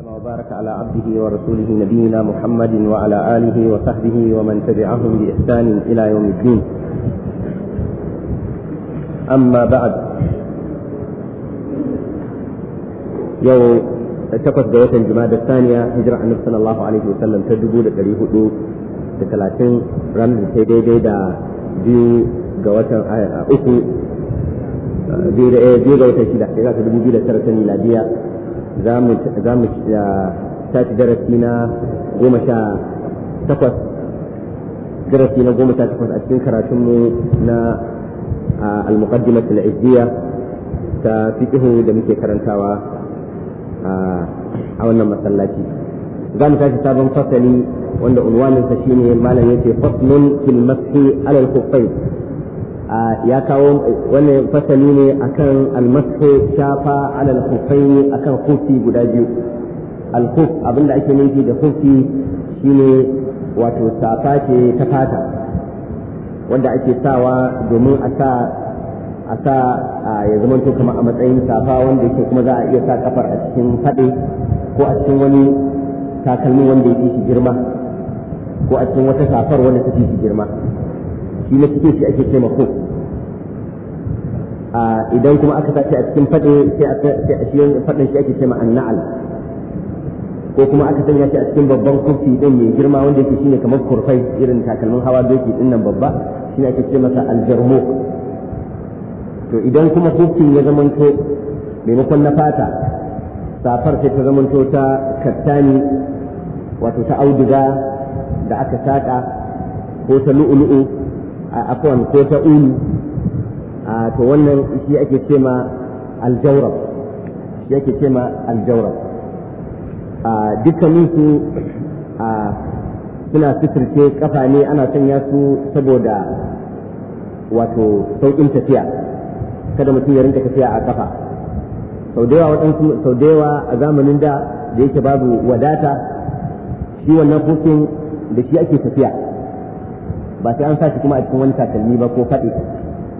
وسلم وبارك على عبده ورسوله نبينا محمد وعلى آله وصحبه ومن تبعهم بإحسان إلى يوم الدين أما بعد يوم تقص دوة الجماد الثانية هجرة النبي صلى الله عليه وسلم تجبو لتريه دو تتلاتين رمز سيدي ديدا بيو قوة أكو biyu da biyu ga watan shida shekara ta dubu biyu da tara ta miladiya za mu tashi darasi na goma sha takwas darasi na goma sha takwas a cikin karatunmu na al-muqaddimah al-izziyya ta fiqhu da muke karantawa a wannan masallaci za mu tashi sabon fasali wanda unwaninsa shine malam yace faslun fil mashi alal khuffayn ya kawo wannan fasali ne akan almasu shafa alal khufaini akan khufi guda biyu alkuf abinda ake nufi da khufi shine wato safa ce ta fata wanda ake sawa domin a sa a sa ya zamanto kamar a matsayin safa wanda yake kuma za a iya sa kafar a cikin faɗe ko a cikin wani takalmin wanda ya fi shi girma ko a cikin wata safar wanda ta fi shi girma shi na cikin shi ake taimako ko idan kuma aka sace a cikin fadin sai a cikin fadin shi ake an annal ko kuma aka sanya shi a cikin babban kofi din mai girma wanda yake shine kamar kurfai irin takalmin hawa doki din nan babba shine ake ce masa aljarmuk to idan kuma kofin ya zamanto maimakon na fata safar sai ta to ta kattani wato ta auduga da aka saka ko ta lu'ulu'u afwan ko ta ulu to wannan shi ake ce ma aljawrab shi ake ce ma aljawrab dukkanin su suna suturce kafa ne ana sanya su saboda wato sauƙin tafiya kada mutum ya rinka tafiya a kafa sau da yawa waɗansu sau da yawa a zamanin da da yake babu wadata shi wannan hufin da shi ake tafiya ba sai an sa shi kuma a cikin wani takalmi ba ko faɗi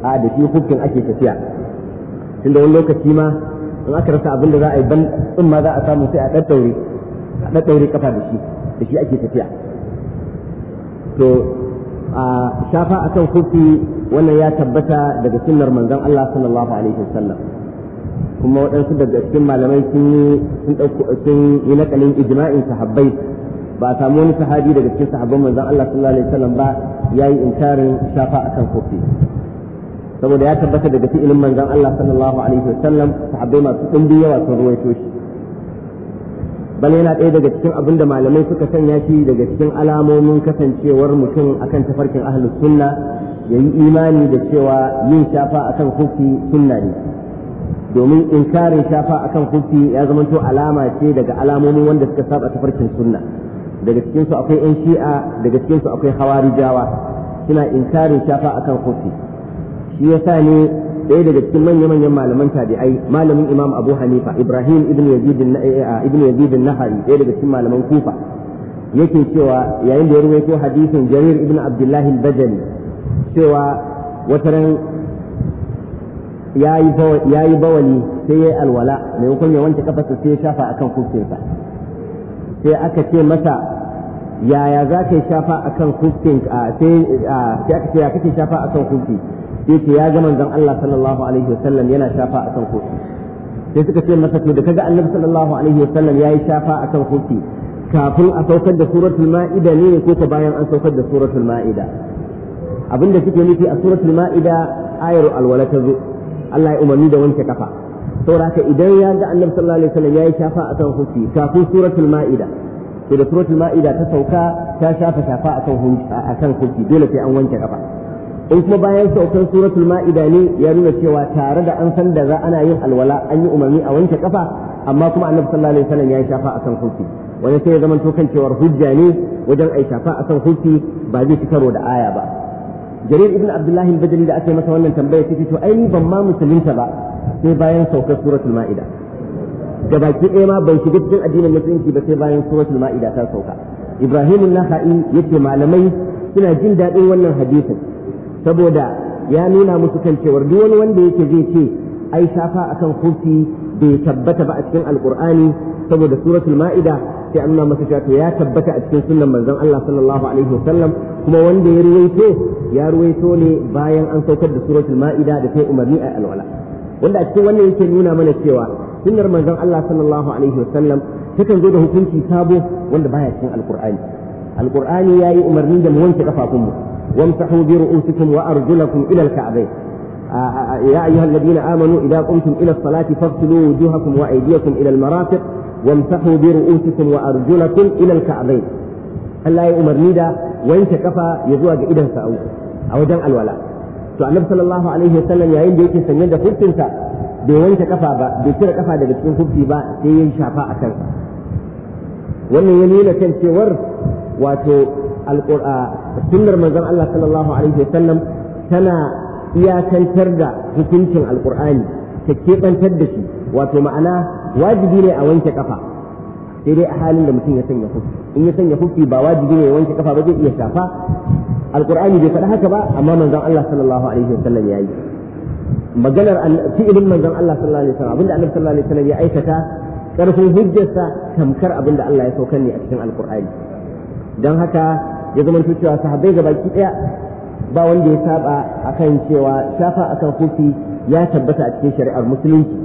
a da shi hukkin ake tafiya da wani lokaci ma in aka rasa abin da za a yi ban in ma za a samu sai a ɗaɗɗaure a ɗaɗɗaure kafa da shi da shi ake tafiya to a shafa akan hukki wannan ya tabbata daga sunnar manzon Allah sallallahu alaihi wasallam kuma waɗansu daga cikin malamai sun yi sun ɗauko sun yi nakalin ijma'in sahabbai ba a samu wani sahabi daga cikin sahabban manzon Allah sallallahu alaihi wasallam ba ya yi inkarin shafa kan kofi saboda ya tabbata daga fi'ilin manzon Allah sallallahu alaihi wasallam sahabbai masu dimbi yawa sun ruwaito shi bal yana ɗaya daga cikin abin da malamai suka sanya shi daga cikin alamomin kasancewar mutum akan tafarkin ahlus sunna ya yi imani da cewa yin shafa akan kofi sunna ne domin inkarin shafa akan kofi ya zamanto alama ce daga alamomin wanda suka saba tafarkin sunna daga cikinsu akwai yan shi'a daga cikinsu su akwai hawarijawa suna inkarin shafa akan kofi shi yasa ne ɗaya daga cikin manya-manyan malaman tabi'ai malamin imam abu hanifa ibrahim ibn yazid eh, eh, ah, nahari ɗaya daga cikin malaman kufa yake cewa yayin da ya ruwaito hadisin jarir ibn abdullahi bajali cewa wataran ya yi bawali sai ya yi alwala mai ya wanke kafarsa sai ya shafa akan kufinsa sai aka ce masa yaya za ka yi shafa a kan kufin sai aka ce ya kake shafa a kan kufi sai ce ya ga manzon Allah sallallahu alaihi wasallam yana shafa a kan kufi sai suka ce masa to da kaga annabi sallallahu alaihi wasallam yayi shafa a kan kufi kafin a saukar da suratul ma'ida ne ko ta bayan an saukar da suratul ma'ida abinda suke nufi a suratul ma'ida ayar alwala ta zo Allah ya umarni da wanke kafa sauraka idan ya ga annabi sallallahu alaihi wasallam yayi shafa a kan hufi kafin suratul ma'ida to da suratul ma'ida ta sauka ta shafa shafa a kan hufi dole sai an wanke kafa in kuma bayan saukar suratul ma'ida ne ya nuna cewa tare da an san da za ana yin alwala an yi umarni a wanke kafa amma kuma annabi sallallahu alaihi wasallam yayi shafa a kan hufi wani sai ya zama to kan cewar hujja ne wajen ai shafa a kan hufi ba zai ci karo da aya ba jarir ibn abdullahi al-bajali da ake masa wannan tambaya ce to ai ban ma musulunta ba sai bayan saukar suratul ma'ida ga baki ɗaya ma bai shiga cikin addinin musulunci ba sai bayan suratul ma'ida ta sauka ibrahim naha'i yace malamai suna jin daɗin wannan hadisin saboda ya nuna musu kan cewar duk wani wanda yake zai ce ai shafa akan kurfi bai tabbata ba a cikin alqur'ani saboda suratul ma'ida sai an nuna masa cewa ya tabbata a cikin sunnan manzon Allah sallallahu alaihi wasallam kuma wanda ya ruwaito ya ruwaito ne bayan an saukar da suratul ma'ida da sai umarni a alwala wanda a cikin wannan yake nuna mana cewa sunnar manzon Allah sallallahu alaihi wasallam takan zo da hukunci sabo wanda baya cikin alqur'ani alqur'ani yayi umarni da mu wanke kafafunmu wamsahu bi ru'usikum wa arjulakum ila alka'bayn يا أيها الذين آمنوا إذا قمتم إلى الصلاة فاغسلوا وجوهكم وأيديكم إلى المرافق وامسحوا برؤوسكم وأرجلكم إلى الكعبين Allah ya umarni da wanke kafa ya zuwa ga idan sa'u a wajen alwala to annabi sallallahu alaihi wasallam yayin da yake sanye da hukuncinsa bai wanke kafa ba bai cire kafa daga cikin hukunci ba sai ya shafa a kansa wannan ya nuna kan cewar wato sunnar manzon Allah sallallahu alaihi wasallam tana iyakantar da hukuncin alqur'ani ta kebantar da shi wato ma'ana wajibi ne a wanke kafa sai dai a halin da mutum ya sanya kufi in ya sanya kufi ba wajibi ne ya wanke kafa ba zai iya shafa alqur'ani bai faɗi haka ba amma manzon Allah sallallahu alaihi wasallam yayi maganar fi'ilin manzon Allah sallallahu alaihi wasallam abinda annabi sallallahu alaihi wasallam ya aikata karfin hujjarsa tamkar abinda Allah ya saukar ne a cikin alqur'ani dan haka ya zama cewa sahabbai gabaki daya ba wanda ya saba akan cewa shafa akan kufi ya tabbata a cikin shari'ar musulunci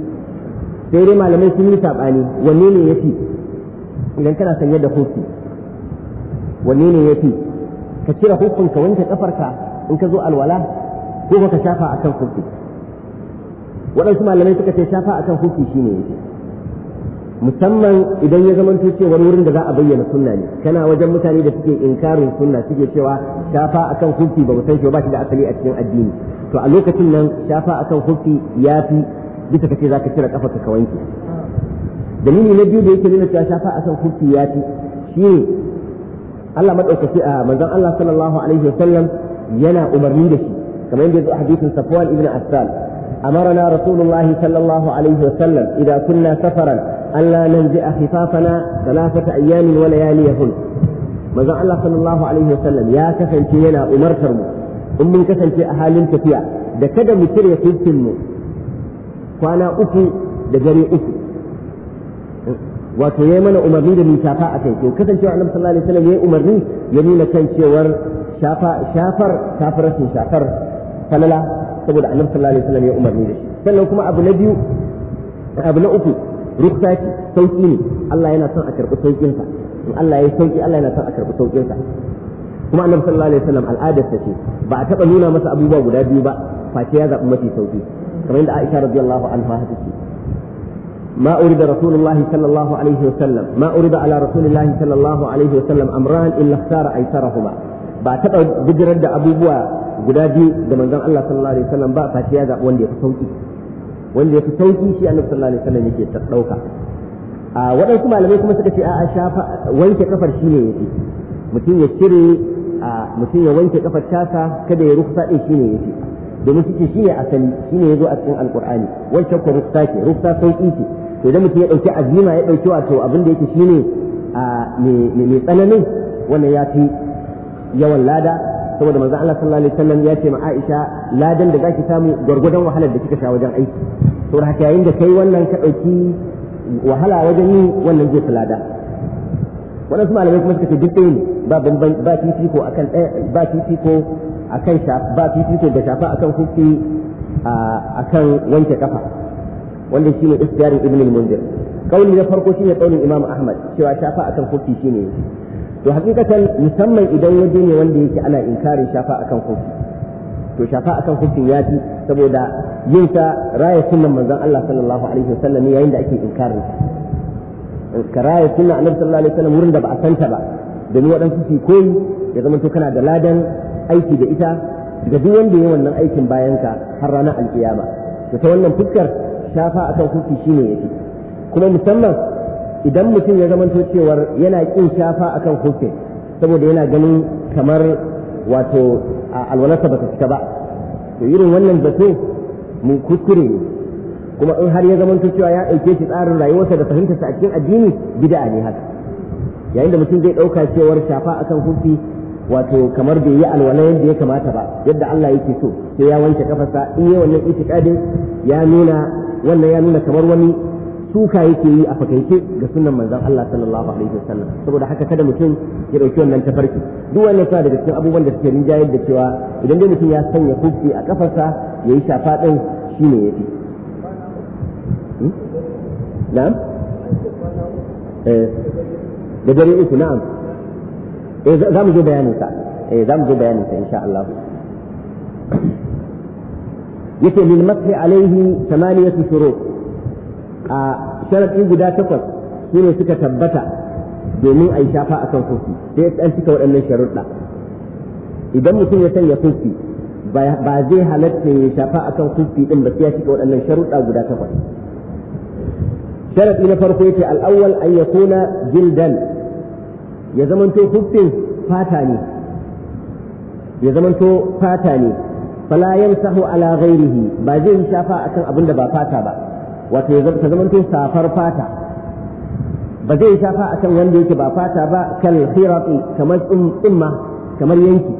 sai dai malamai sun yi sabani wanne ne yafi idan kana sanye da kufi wanne ne yafi ka cire hukun ka wanke kafarka in ka zo alwala ko ka shafa akan hufi waɗansu malamai suka ce shafa akan hufi shine yake musamman idan ya zamanto cewar wurin da za a bayyana sunna ne kana wajen mutane da suke inkarin sunna suke cewa shafa akan hufi ba san shi ba shi da asali a cikin addini to a lokacin nan shafa akan hufi ya fi bisa za ka cire kafarka ka wanke dalili na biyu da yake nuna cewa shafa akan hufi ya fi shi Allah madaukaki a manzon Allah sallallahu alaihi wasallam yana umarni da shi kamar yadda zuwa hadisin Safwan ibn Affan amarna rasulullahi sallallahu alaihi wasallam idza kunna safaran alla nanzi'a khifafana thalathata ayyamin wa layaliyahun manzon Allah sallallahu alaihi wasallam ya kasance yana umartar mu in mun kasance a halin tafiya da kada mu cire hukkin mu kwana uku da gari uku wato ya yayi mana umarni da mu shafa akai to kasancewa annabi sallallahu alaihi wasallam yayi umarni ya nuna kan cewar shafa shafar kafaratin shafar falala saboda annabi sallallahu alaihi wasallam ya umarni da shi sannan kuma abu na biyu abu na uku rukta ce sauki ne Allah yana son a karɓi saukinsa in Allah ya sauki Allah yana son a karɓi saukinsa kuma annabi sallallahu alaihi wasallam ta ce ba a taɓa nuna masa abubuwa guda biyu ba face ya zaɓi mafi sauki kamar yadda Aisha radiyallahu anha ta ce ما أرد رسول الله صلى الله عليه وسلم ما أرد على رسول الله صلى الله عليه وسلم أمران إلا اختار أيسرهما بعتقد جدرد أبو بوا قدادي دمان قال الله صلى الله عليه وسلم بقى فاتيا ذا وندي صوتي وندي صوتي شيء النبي صلى الله عليه وسلم يجي تتلوكا a waɗansu malamai kuma suka ce a shafa wanke kafar shi ne yafi mutum ya cire a mutum ya wanke kafar tasa kada ya rufsa ɗin shi ne yafi domin suke shi ne asali shi ne ya zo a cikin alƙur'ani wancan ko rufsa ce rufsa sauƙi ce to idan mutum ya ɗauki azima ya ɗauki wato abin da yake shine mai tsananin wannan ya fi yawan lada saboda manzo Allah sallallahu alaihi wasallam ya ce ma Aisha ladan da zaki samu gwargwadon wahalar da kika sha wajen aiki to haka yayin da kai wannan ka ɗauki wahala wajen yi wannan zai fi lada waɗansu malamai kuma suka ce duk ɗaya ne ba ba fifiko akan ba fifiko akan shafa ba fifiko da shafa akan kuki akan wanke kafa wanda ne istiyari ibn al-munzir kauli na farko shine kaulin imam ahmad cewa shafa akan kofi shine to hakikatan musamman idan waje ne wanda yake ana inkari shafa akan kofi to shafa akan kofin ya fi saboda yin ta raya sunan manzon Allah sallallahu alaihi wasallam yayin da ake inkari ka raya sunan annabi sallallahu alaihi wasallam wurin da ba a santa ba domin waɗansu su koyi ya zama to kana da ladan aiki da ita ga duk wanda ya wannan aikin bayan ka har ranar alkiyama to ta wannan fuskar shafa akan kufi shine fi kuma musamman idan mutum ya zamanto cewar yana kin shafa akan kufi saboda yana ganin kamar wato alwalarsa ba ta cika ba to irin wannan zato mu kuskure ne kuma in har ya zamanto cewa ya ɗauke shi tsarin rayuwarsa da fahimtarsa a cikin addini bid'a ne haka yayin da mutum zai ɗauka cewar shafa akan kufi wato kamar bai yi alwala yadda ya kamata ba yadda Allah yake so sai ya wanke kafarsa in yi wannan itikadin ya nuna wannan ya nuna kamar wani suka yake yi a fakaice ga sunan manzon Allah sallallahu alaihi wasallam saboda haka kada mutum ya dauki wannan tafarki duk wannan sa daga cikin abubuwan da suke rinjayar da cewa idan dai mutum ya sanya kufi a kafarsa yayi shafa din shine yafi hmm? na'am eh da dare uku na'am eh za mu je bayanin sa eh za mu je bayanin sa insha Allah yake lil mashi alaihi thamaniyatu shurut a sharadi guda takwas sune suka tabbata domin a yi shafa akan kofi sai an cika waɗannan sharuɗa idan mutum ya sanya kofi ba zai halatta ya shafa akan kofi din ba sai ya cika waɗannan sharuɗa guda takwas sharadi na farko yace al-awwal an yakuna jildan ya zamanto kofin fata ne ya zamanto fata ne fala yamsahu ala ghairihi ba zai yi shafa akan abin da ba fata ba wato ya ta zama to safar fata ba zai yi shafa akan wanda yake ba fata ba kal khirati kamar tsimma kamar yanki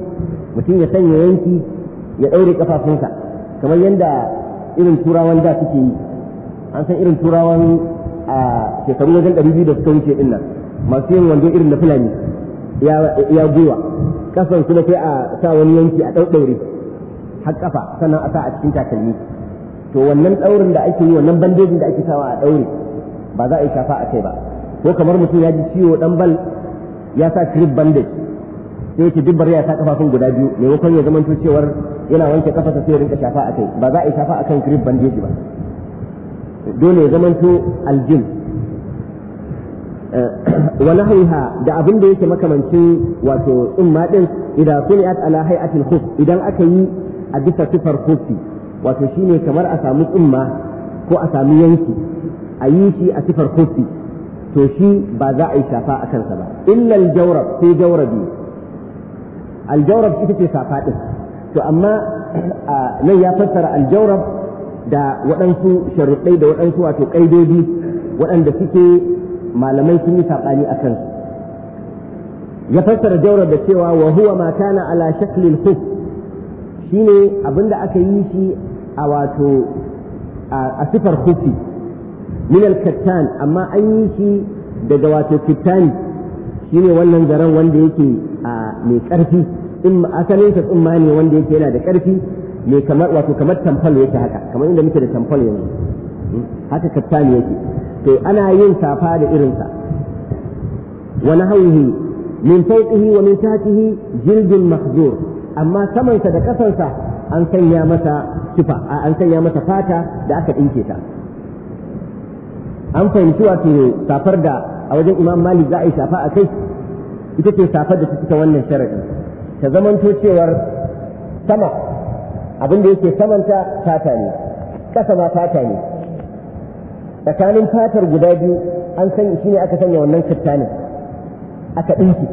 mutum ya sanya yanki ya daure kafafunka kamar yanda irin turawan da suke yi an san irin turawan a shekaru wajen ɗari biyu da suka wuce din nan masu yin wando irin na fulani ya gwiwa kasan kuma kai a sa wani yanki a ɗaɗɗaure har kafa sannan a sa a cikin takalmi to wannan daurin da ake yi wannan bandejin da ake sawa a daure ba za a yi shafa a kai ba ko kamar mutum ya ji ciwo dan bal ya sa trip bandage sai ki dubbar ya sa kafafun guda biyu maimakon ya zamanto cewar yana wanke kafarsa sai ya rinka shafa a kai ba za a yi shafa a kan grip bandage ba dole ya to aljin eh, wa nahwiha da abin da yake makamancin wato umma din idan suni'at ala hay'atil khuf idan aka yi a bisa sifar kofi wato shine kamar a samu tsumma ko a samu yanki a yi shi a sifar kofi to shi ba za a yi shafa a kansa ba illa jawrab sai jawrabi aljawrab ita ce safa din to amma nan ya fassara aljawrab da waɗansu sharuɗai da waɗansu wato ƙaidodi waɗanda suke malamai sun yi saɓani a kansu ya fassara jawrab da cewa wa huwa ma kana ala shaklil khuf Shi shine abinda aka yi shi a wato a sifar hufi min al-kattan amma an yi shi daga wato kittani ne wannan zaren wanda yake mai karfi in asalin sa tsumma ne wanda yake yana da ƙarfi. mai kamar wato kamar tamfal yake haka kamar inda muke da tamfal yanzu hmm, haka kattani yake to ana yin safa da irinsa wa nahwihi min fawqihi wa min tahtihi jildun mahzur amma samansa da ƙasansa an sanya masa kifa an sanya masa fata da aka ɗinke ta an fahimci wato safar da a wajen imam malik za a yi safa a kai ita ce safar da ta cika wannan sharadi ta zamanto cewar sama abin da yake samanta fata ne ƙasa ma fata ne tsakanin fatar guda biyu an sanya shi ne aka sanya wannan kattanin aka ɗinki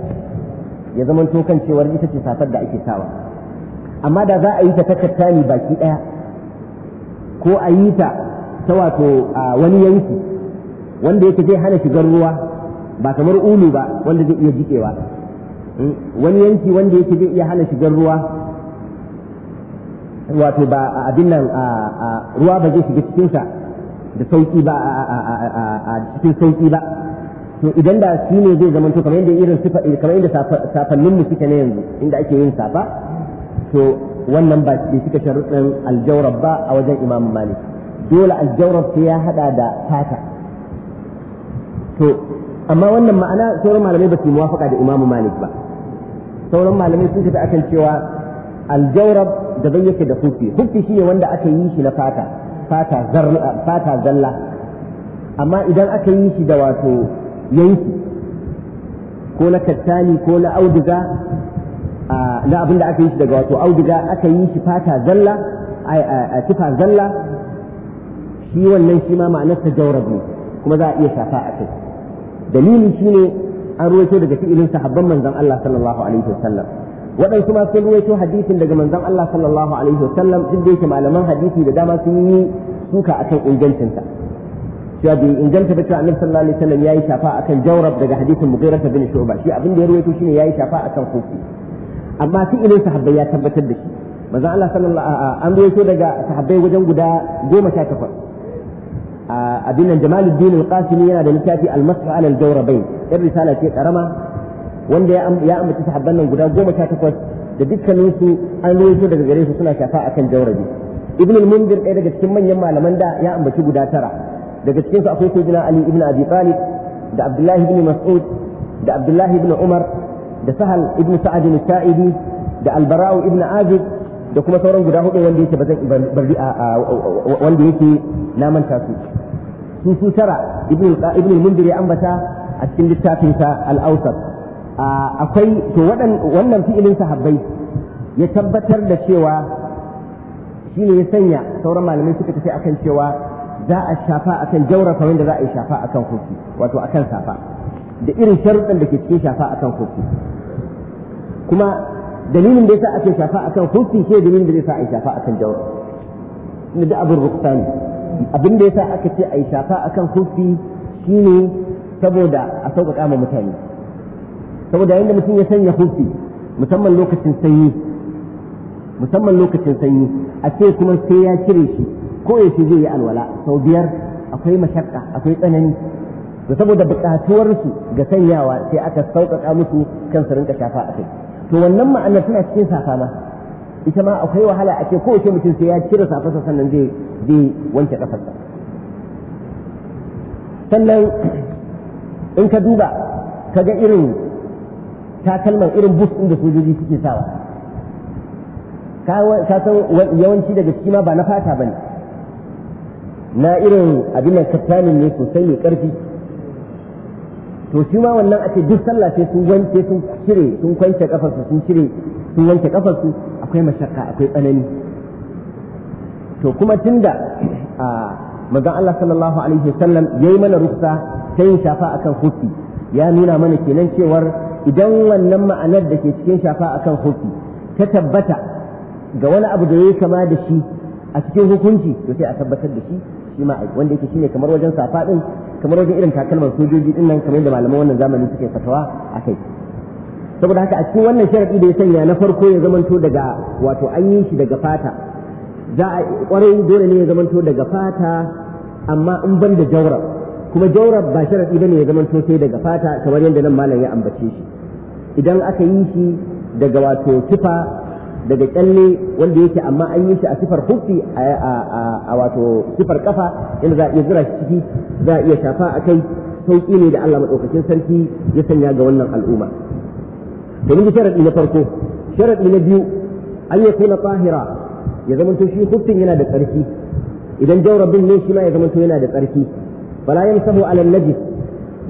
ya zama to kan cewar ita ce safar da ake sawa amma da za a yi ta takattani baki ɗaya ko a yi ta ta wato a wani yanki wanda yake zai hana shigar ruwa ba kamar ulu ba wanda zai iya jikewa hmm, wani yanki wanda yake zai iya hana shigar ruwa wato ba a abin nan ruwa ba zai shiga cikinsa da sauki ba a cikin sauki ba to idan da shi ne zai zamanto kamar yadda irin sifa kamar yadda safannin mu suke ne yanzu inda ake yin safa to wannan ba shi suka sharuɗin aljawrab ba a wajen Imam Malik dole aljawrab sai ya hada da fata to amma wannan ma'ana sauran malamai ba su muwafaka da Imam Malik ba sauran malamai sun tafi akan cewa aljawrab da bai yake da hufi hufi shine wanda aka yi shi na fata fata zalla amma idan aka yi shi da wato yanki ko na kattani ko na auduga na abin da aka yi shi daga wato auduga aka yi shi fata zalla a tufa zalla shi wannan shi ma ma'anarsa jaurab ne kuma za a iya shafa a kai dalilin shi ne an ruwaito daga fi'ilin sahabban manzon Allah sallallahu alaihi wasallam waɗansu ma sun ruwaito hadisin daga manzon Allah sallallahu alaihi wasallam duk da yake malaman hadisi da dama sun yi suka akan ingancinsa cewa bai inganta da cewa annabi sallallahu alaihi wasallam yayi shafa akan jawrab daga hadisin mughira bin shu'ba shi abin da ya rawaito shine yayi shafa akan kofi amma fi'ilin sahabbai ya tabbatar da shi manzon Allah sallallahu alaihi an rawaito daga sahabbai wajen guda goma sha 18 abin nan Jamaluddin al-Qasimi yana da littafi al-Mas'u ala al-Jawrabain ɗan risala ce karama wanda ya ambaci sahabban nan guda goma sha takwas da dukkaninsu an rawaito daga gare su suna shafa akan jawrabi ibn al-Mundir ɗaya daga cikin manyan malaman da ya ambaci guda tara daga cikin su akwai sayyidina ali ibn abi talib da abdullahi ibn mas'ud da abdullahi ibn umar da sahal ibn sa'ad ibn sa'idi da albara'u ibn azib da kuma sauran guda hudu wanda yake bazan bari wanda yake na manta su su su tara ibn ibn mundir ambata a cikin littafin sa al-awsat akwai to wannan fi'ilin sahabbai ya tabbatar da cewa shine ya sanya sauran malamai suka tafi akan cewa za a shafa kan jaura kamar da za a yi shafa a kan kofi wato a kan safa da irin sharuɗan da ke cikin shafa a kan kofi kuma dalilin da ya a ake shafa a kan kofi shi dalilin da sa a yi shafa a kan jaura inda da abin ruksa ne abin da sa aka ce a yi shafa a kan kofi shine saboda a sauƙaƙa ma mutane saboda yadda mutum ya sanya kofi musamman lokacin sanyi musamman lokacin sanyi a ce kuma sai ya cire shi ko ce zai yi alwala sau biyar akwai mashakka akwai tsanani da saboda su ga sanyawa sai aka sauƙaƙa musu kan su rinka shafa a kai to wannan ma'anar suna cikin safa ma ita ma akwai wahala a ce ko ce mutum sai ya cire safarsa sannan zai zai wanke kafarsa sannan in ka duba ka ga irin takalman irin bus ɗin da sojoji suke sawa ka san yawanci daga ciki ma ba na fata bane na irin abin nan kattanin ne sosai mai karfi to shi ma wannan ake duk sallah sai sun wanke sun cire sun kwance kafarsu sun cire sun wanke kafarsu akwai mashakka akwai tsanani to kuma tunda a manzon Allah sallallahu alaihi wasallam yayi mana ruksa sai yin shafa akan hufi ya nuna mana kenan cewar idan wannan ma'anar da ke cikin shafa akan hufi ta tabbata ga wani abu da yayi kama da shi a cikin hukunci to sai a tabbatar da shi shi ma wanda yake shine kamar wajen safa din kamar wajen irin takalman sojoji din nan kamar yadda malaman wannan zamani suke fatawa a kai saboda haka a cikin wannan sharadi da ya sanya na farko ya zamanto daga wato an yi shi daga fata za a kwarai dole ne ya zamanto daga fata amma in ban da jawrab kuma jawrab ba sharadi bane ya zamanto sai daga fata kamar yadda nan malam ya ambace shi idan aka yi shi daga wato kifa daga kyalle wanda yake amma an yi shi a sifar huffi a wato sifar kafa inda za a iya zira shi ciki za a iya shafa a kai sauƙi ne da Allah maɗaukakin sarki ya sanya ga wannan al'umma domin sharaɗi na farko sharaɗi na biyu an ya kuna tahira ya to shi huffin yana da ƙarfi idan jaurabin ne shi ma ya zamanto yana da tsarki fala yamsahu ala najis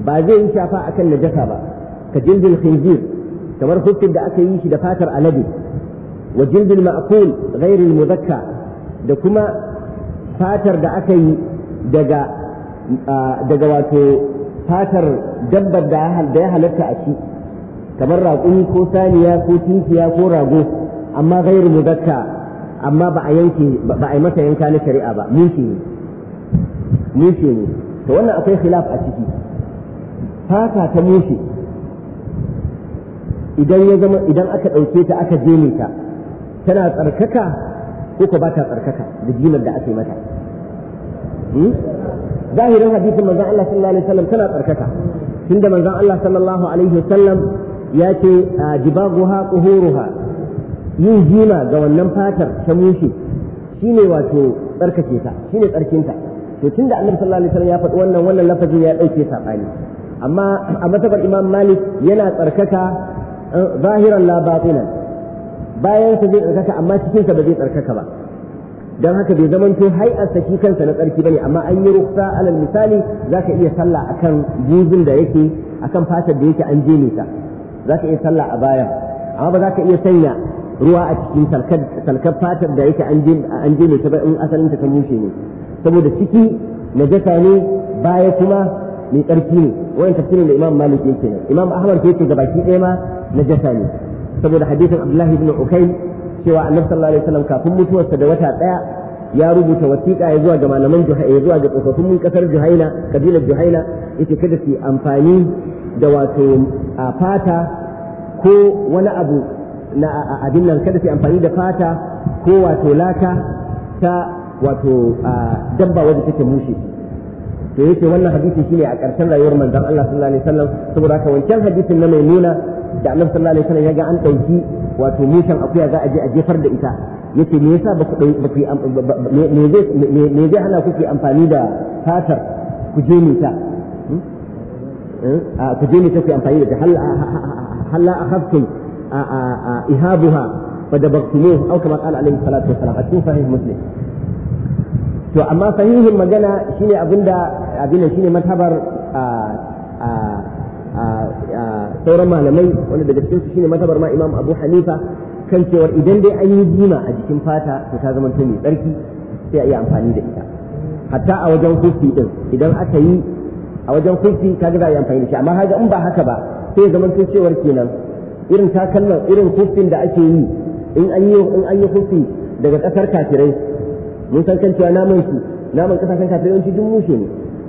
ba zai yi shafa akan najasa ba ka jildil khinzir kamar huffin da aka yi shi da fatar alade wa jildil ma'kul ghairu al da kuma fatar da aka yi daga wato fatar dabbar da ya halatta a ci kamar raƙumi ko saniya ko tinkiya ko rago amma ghairu mudhakka amma ba a yanke ba a yi masa yanka na shari'a ba mushi ne ne wannan akwai a ciki fata ta mushi idan ya idan aka ɗauke ta aka jene ta tana tsarkaka ko ko ba ta tsarkaka da jinar da ake mata hmm? zahirin hadisin manzon Allah sallallahu alaihi wasallam tana tsarkaka tunda manzon Allah sallallahu alaihi wasallam ya ce jibaguha quhuruha yin jima ga wannan fatar ta mushe shine wato tsarkake ta shine tsarkinta to tunda Annabi sallallahu alaihi wasallam ya faɗi wannan wannan lafazin ya dauke sabani amma a matsabar Imam Malik yana tsarkaka eh, zahiran la batinan bayan sa zai tsarkaka amma cikinsa ba zai tsarkaka ba dan haka bai zaman to hai a saki kansa na tsarki bane amma an yi ruksa alal misali zaka iya sallah akan juzin da yake akan fatar da yake an je nisa zaka iya sallah a baya amma ba zaka iya sanya ruwa a cikin salkar fatar da yake an je nisa ba in asalin ta kan mushe ne saboda ciki najasa ne baya kuma mai tsarki ne wannan tafsirin da imam malik yake imam ahmad yake gabaki ɗaya ma najasa ne saboda hadisin Abdullahi ibn Ukail cewa Annabi sallallahu alaihi wasallam kafin mutuwarsa da wata daya ya rubuta wasiƙa ya zuwa ga malaman ya zuwa ga tsofaffin kasar Juhaina kabilar Juhaina yace kada su amfani da wato a fata ko wani abu na abin nan kada su amfani da fata ko wato laka ta wato dabba wadda take mushi to yake wannan hadisi shine a ƙarshen rayuwar manzon Allah sallallahu alaihi wasallam saboda haka wancan hadisin na mai nuna da annabi sallallahu alaihi wasallam ya ga an ɗauki wato mushen akuya za a je a jefar da ita yace me yasa ba ku ba ku me zai me zai hana ku amfani da fatar ku je ni hmm? hmm? ta ku je ni ta ku amfani da hal hal a ihabuha fa dabaqtumuhu aw kama qala alaihi salatu wasalam a cikin sahih muslim to amma sahihin magana shine abinda abinda shine matabar sauran malamai wanda daga cikin shine matabar ma Imam Abu Hanifa kan cewar idan dai an yi jima a jikin fata to ta zama mai tsarki sai a yi amfani da ita hatta a wajen hufi din idan aka yi a wajen hufi kaga za a yi amfani da shi amma haka in ba haka ba sai zaman to cewar kenan irin takallan irin hufin da ake yi in an yi in an yi hufi daga kasar kafirai mun san kan cewa naman su naman kasashen kafirai yawanci duk mushe ne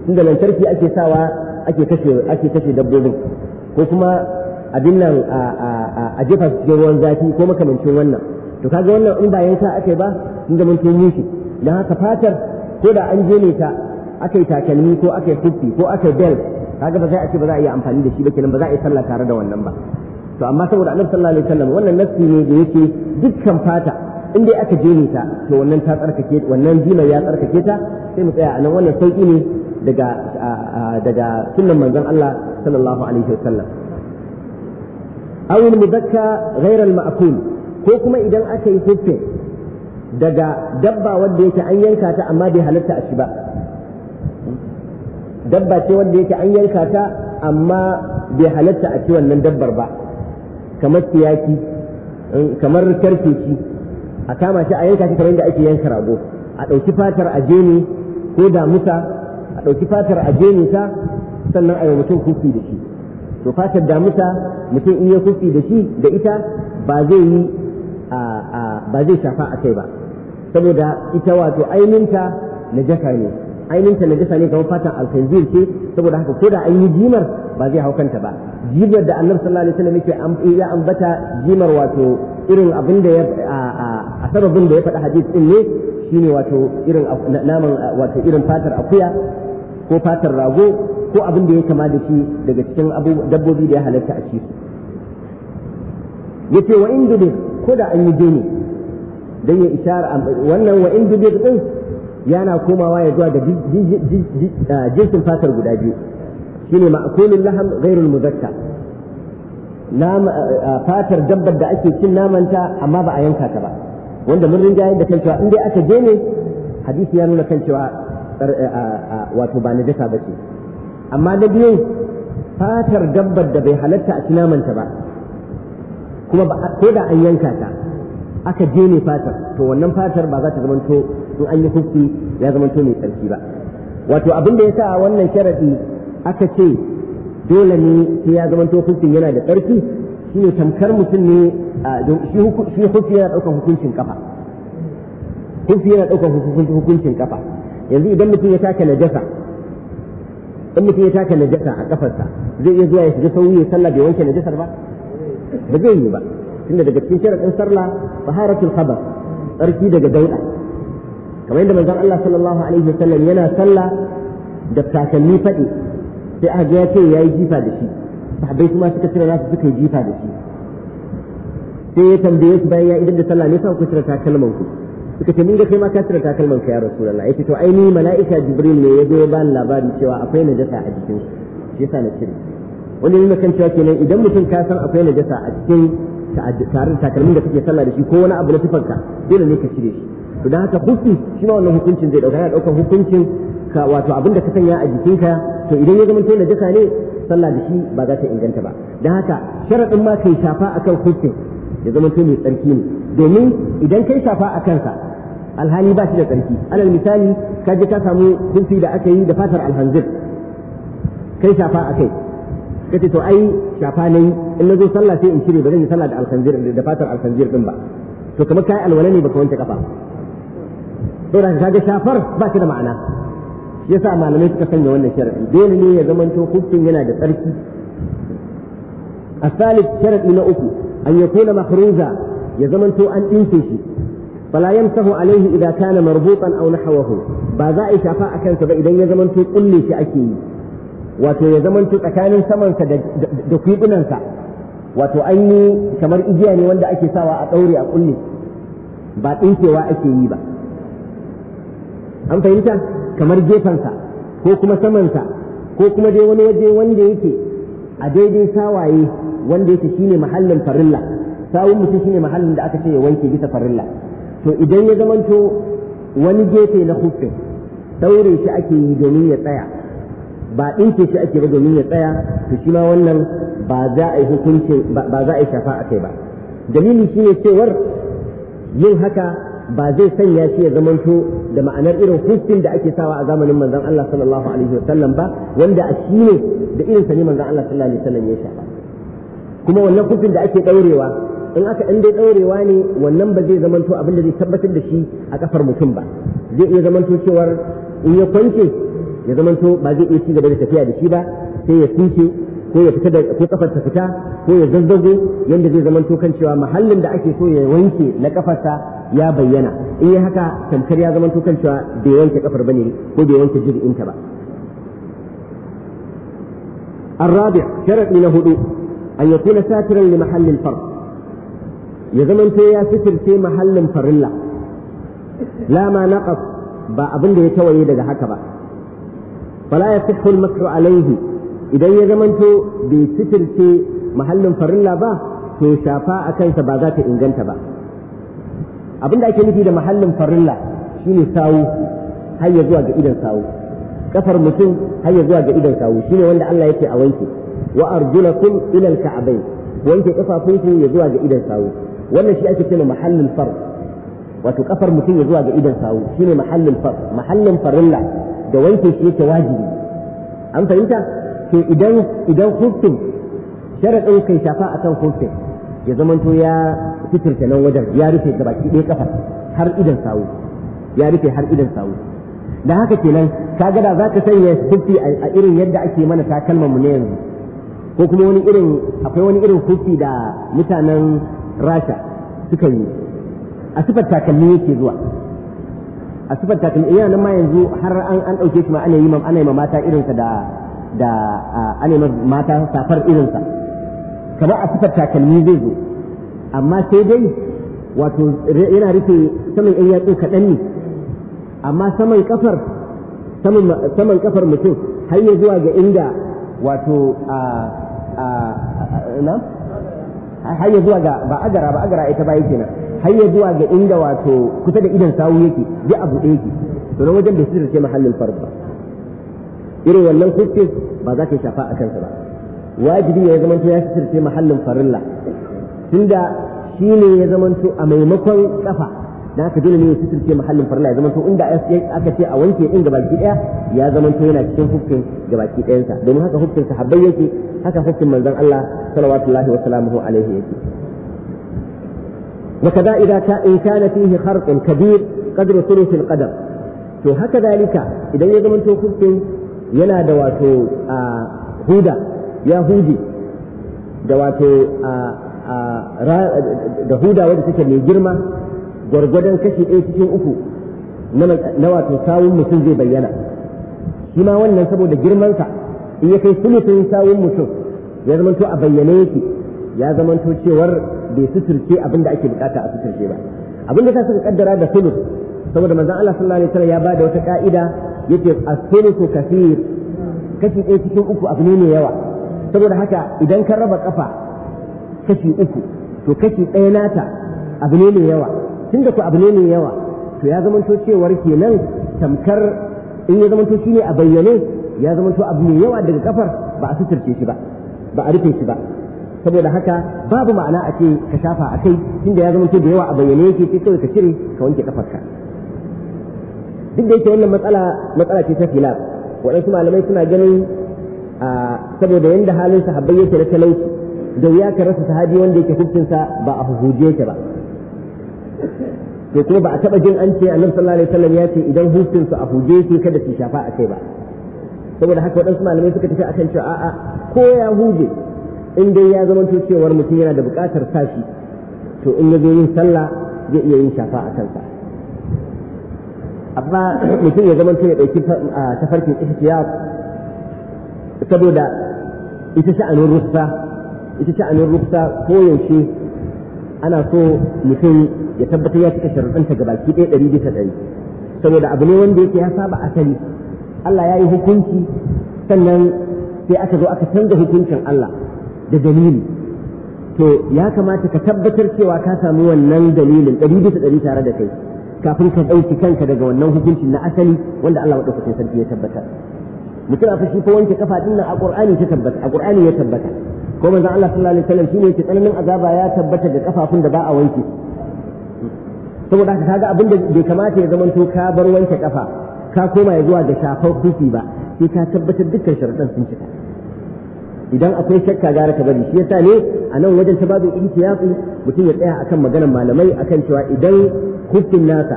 inda lantarki ake sawa ake kashe ake kashe dabbobin ko kuma abin nan a jefa cikin ruwan zafi ko makamancin wannan to kaga wannan in ba yanka aka ba sun zama tun shi dan haka fatar ko da an je ne ta aka takalmi ko aka yi kufi ko aka yi bel kaga ba za a ce ba za a yi amfani da shi ba kenan ba za a yi sallah tare da wannan ba to amma saboda annabi sallallahu alaihi wasallam wannan nassi ne da yake dukkan fata in dai aka je ta to wannan ta tsarkake wannan zina ya tsarkake ta sai mu tsaya a nan wannan sauki ne daga daga sunnan manzon Allah sallallahu alaihi wasallam aw al-mudakka ghayr al-ma'kul ko kuma idan aka yi huffe daga dabba wanda yake an yanka ta amma bai halatta a shi ba dabba ce wanda yake an yanka ta amma bai halatta a ci wannan dabbar ba kamar tiyaki eh, kamar karkeci a kama shi a yanka shi kamar yadda ake yanka rago a ɗauki fatar a jeni ko damusa ɗauki fatar a jeninsa sannan a yi mutum kufi da shi to fatar damusa mutum in ya kufi da shi da ita ba zai yi ba zai shafa a kai ba saboda ita wato aininta na jaka ne aininta na jaka ne kamar fatan alkanzir ce saboda haka ko da an yi jimar ba zai haukanta ba jimar da annabi sallallahu alaihi wasallam yake ya ambata jimar wato irin abin da ya a sababin da ya faɗa hadis din ne shine wato irin naman wato irin fatar akuya ko fatar rago ko abin da ya kama da shi daga cikin dabbobi da ya halatta a ci yace wa in dubir ko da an yi dini don ya ishara wannan wa in din yana komawa ya zuwa da jinsin fatar guda biyu shine ma'kulul laham ghairul muzakka fatar dabbar da ake cin namanta amma ba a yanka ta ba wanda mun rinjaye da kan cewa in dai aka je ne hadisi ya nuna kan cewa er, er, wato ba najasa ba ce amma na biyu fatar dabbar da bai halatta a sinamanta ba kuma ko da an yanka ta aka je ne fatar to wannan fatar ba za ta zamanto in an yi hukki ya zamanto mai tsarki ba wato abin da ya sa wannan sharadi aka ce dole ne sai ya zamanto hukkin yana da tsarki shine tamkar mutum ne shi hukki yana ɗaukar hukuncin kafa hukki yana ɗaukar hukuncin kafa yanzu idan mutum ya taka najasa in mutum ya taka najasa a kafarsa zai iya zuwa ya shiga sauyi ya sallah bai wanke najasar ba ba zai yi ba tunda daga cikin sharadin sallah taharatul khabar tsarki daga dauda kamar yadda manzon Allah sallallahu alaihi wasallam yana sallah da takalmi fadi sai aka ga ya ce yayi jifa da shi sahabbai kuma suka cire nasu suka yi jifa da shi sai ya tambaye su bayan ya idan da sallah ne sai ku cire takalman ku suka ce mun ga kai ma ka cire takalman ka ya rasulullah yace to ai ni mala'ika jibril ne yazo ya bani labarin cewa akwai najasa a jikin shi yasa na cire wani ne kan cewa kenan idan mutum ka san akwai najasa a cikin tarin takalmin da kake sallah da shi ko wani abu na tufanka dole ne ka cire shi to dan haka hukunci shi ma wannan hukuncin zai dauka yana daukar hukuncin ka wato abin da ka sanya a jikin ka to idan ya zama to najasa ne sallah da shi ba za ta inganta ba dan haka sharadin ma kai shafa akan hukuncin ya zama to mai tsarki ne domin idan kai safa a kansa alhali ba shi da tsarki alal misali ka je ka samu kunfi da aka yi da fatar alhanzir kai safa a kai ka to ai shafa na in na zo sallah sai in cire ba zan yi sallah da alhanzir da fatar alhanzir din ba to kamar kai alwala ne baka wanke kafa saboda ka ga shafar ba shi da ma'ana yasa malamai suka sanya wannan sharadi dole ne ya zamanto hukun yana da tsarki a الثالث شرط من أكو أن يكون مخروزا ya zamanto an ɗinke shi fala yamsahu alaihi idan kana marbutan aw nahwahu ba za a shafa a kansa ba idan ya zamanto kulle shi ake yi wato ya zamanto tsakanin samansa da kwibinansa wato an yi kamar igiya ne wanda ake sawa a ɗaure a kulle ba ɗinkewa ake yi ba an fahimta kamar gefensa ko kuma samansa ko kuma dai wani waje wanda yake a daidai sawaye wanda yake shine mahallin farilla sawun mutum shine mahallin da aka ce ya wanke bisa farilla to idan ya zamanto wani gefe na hufin daure shi ake yi domin ya tsaya ba ɗinke shi ake ba domin ya tsaya to shi ma wannan ba za a yi hukuncin ba za a yi shafa a kai ba dalili shine cewar yin haka ba zai sanya shi ya zamanto da ma'anar irin hufin da ake sawa a zamanin manzon Allah sallallahu alaihi wasallam ba wanda a shi ne da irin sa ne manzon Allah sallallahu alaihi wasallam ya shafa kuma wannan kufin da ake ɗaurewa in aka in dai ɗaurewa ne wannan ba zai zamanto abin da zai tabbatar da shi a kafar mutum ba zai iya zamanto cewar in ya kwance ya zamanto ba zai iya ci gaba da tafiya da shi ba sai ya tsinke ko ya fita da ko kafar ta fita ko ya zazzago yanda zai zamanto kan cewa mahallin da ake so ya wanke na kafarsa ya bayyana in yi haka tamkar ya zama kan cewa bai wanke kafar bane ko bai wanke jirginta ba الرابع شرط من هدوء an na satiran li mahallin fard ya zamanto ya sitirce mahallin farilla la ma naqas ba abinda ya tawaye daga haka ba fala yasihhu al-mashu alayhi idan ya zamanto bai sitirce mahallin farilla ba to shafa a kansa ba za ta inganta ba abin da ake nufi da mahallin farilla shine sawu har ya zuwa ga idon sawu kafar mutum har ya zuwa ga idan kawu shine wanda Allah yake a wanke wa arjulakum ila alka'bayn wanke kafafunku ya zuwa ga idon sawu wannan shi ake cewa mahallul far wato kafar mutum ya zuwa ga idon sawu shine mahallul far mahallin farilla da wanke shi yake wajibi an fahimta to idan idan hukum sharadin kai shafa akan hukum ya zamanto ya fitirta nan wajen ya rufe gabaki ɗaya kafar har idan sawu ya rufe har idan sawu da haka kenan ka da za ka sanya kufi a irin yadda ake mana takalman mu ne yanzu ko kuma wani irin akwai wani irin kufi da mutanen rasha suka yi a sifar takalmi yake zuwa a sifar takalmi yana nan ma yanzu har an an dauke shi ma ana yi ana yi mata irinsa da da ana yi mata safar irinsa kamar a sifar takalmi zai zo amma sai dai wato yana rufe saman yan yatsu kaɗan ne amma saman kafar saman kafar mutum har ya zuwa ga inda wato a na har ya zuwa ga ba agara ba agara ita bayi kenan har ya zuwa ga inda wato kusa da idan sawu yake duk abu ɗaya yake to na wajen bai sirri ce mahallin farz ba irin wannan kuskis ba za ka shafa a kansa ba wajibi ya zama ya sirri ce mahallin farilla tunda shine ya zama a maimakon kafa da haka dole ne ya suturce mahallin farla ya zamanto inda aka ce a wanke din gabaki daya ya zamanto yana cikin hukuncin gabaki dayansa domin haka hukuncin sahabbai yake haka hukuncin manzon Allah sallallahu wa sallamuhu alaihi yake وكذا إذا إن كان فيه خرق كبير قدر ثلث القدر to haka zalika idan ya zama hukuncin yana da wato ya huje da wato da huda wadda take mai girma gwargwadon kashi ɗaya cikin uku na wato sawun mutum zai bayyana shi ma wannan saboda girmansa in ya kai sulusun sawun mutum ya zamanto a bayyane yake ya zamanto cewar bai suturce abin da ake bukata a suturce ba abin da ta suka kaddara da sulus saboda manzon Allah sallallahu alaihi wasallam ya bada wata ka'ida yake as-sulusu kathir kashi ɗaya cikin uku abu ne mai yawa saboda haka idan ka raba kafa kashi uku to kashi ɗaya nata abu ne mai yawa tun da ku abu ne mai yawa to ya zamanto cewar kenan tamkar in ya zamanto ne a bayyane ya zamanto abu mai yawa daga kafar ba a suturce shi ba ba a rufe shi ba saboda haka babu ma'ana a ce ka shafa a kai tunda ya zamanto da yawa a bayyane yake sai kawai ka cire ka wanke ka. duk da yake wannan matsala matsala ce ta filaf waɗansu malamai suna ganin saboda yanda halin sahabbai yake da talauci da wuya ka rasa sahabi wanda yake hukuncinsa ba a hujuje ta ba to kuma ba a taba jin an ce annabi sallallahu alaihi wasallam ya ce idan hutun su a huje ke kada su shafa a kai ba saboda haka wadansu malamai suka tafi akan cewa a'a ko ya huje in dai ya zama to cewar mutum yana da buƙatar sashi to in ya zo yin sallah zai iya yin shafa a kansa amma mutum ya zama to ya ta tafarkin ihtiyat saboda ita sha'anin rufsa ita sha'anin rufsa ko yaushe ana so mutum ya tabbatar ya cika sharuɗanta gabaki ɗaya ɗari bisa ɗari saboda abu ne wanda yake ya saba asali Allah ya yi hukunci sannan sai aka zo aka canza hukuncin Allah da dalili to ya kamata ka tabbatar cewa ka samu wannan dalilin ɗari bisa ɗari tare da kai kafin ka ɗauki kanka daga wannan hukuncin na asali wanda Allah maɗaukakin sarki ya tabbata mutum a fashi ko wanke kafa ɗin nan a ƙur'ani ya tabbata ko manzon Allah sallallahu alaihi wasallam shine yake tsananin azaba ya tabbata da kafafun da ba a wanke saboda haka kaga abin da bai kamata ya zamanto ka bar wanke kafa ka koma ya zuwa ga shafar hufi ba sai ka tabbatar dukkan sharuɗan sun cika idan akwai shakka gara ka bari shi yasa ne a nan wajen ta babu ihtiyati mutum ya tsaya akan maganar malamai akan cewa idan hufin nasa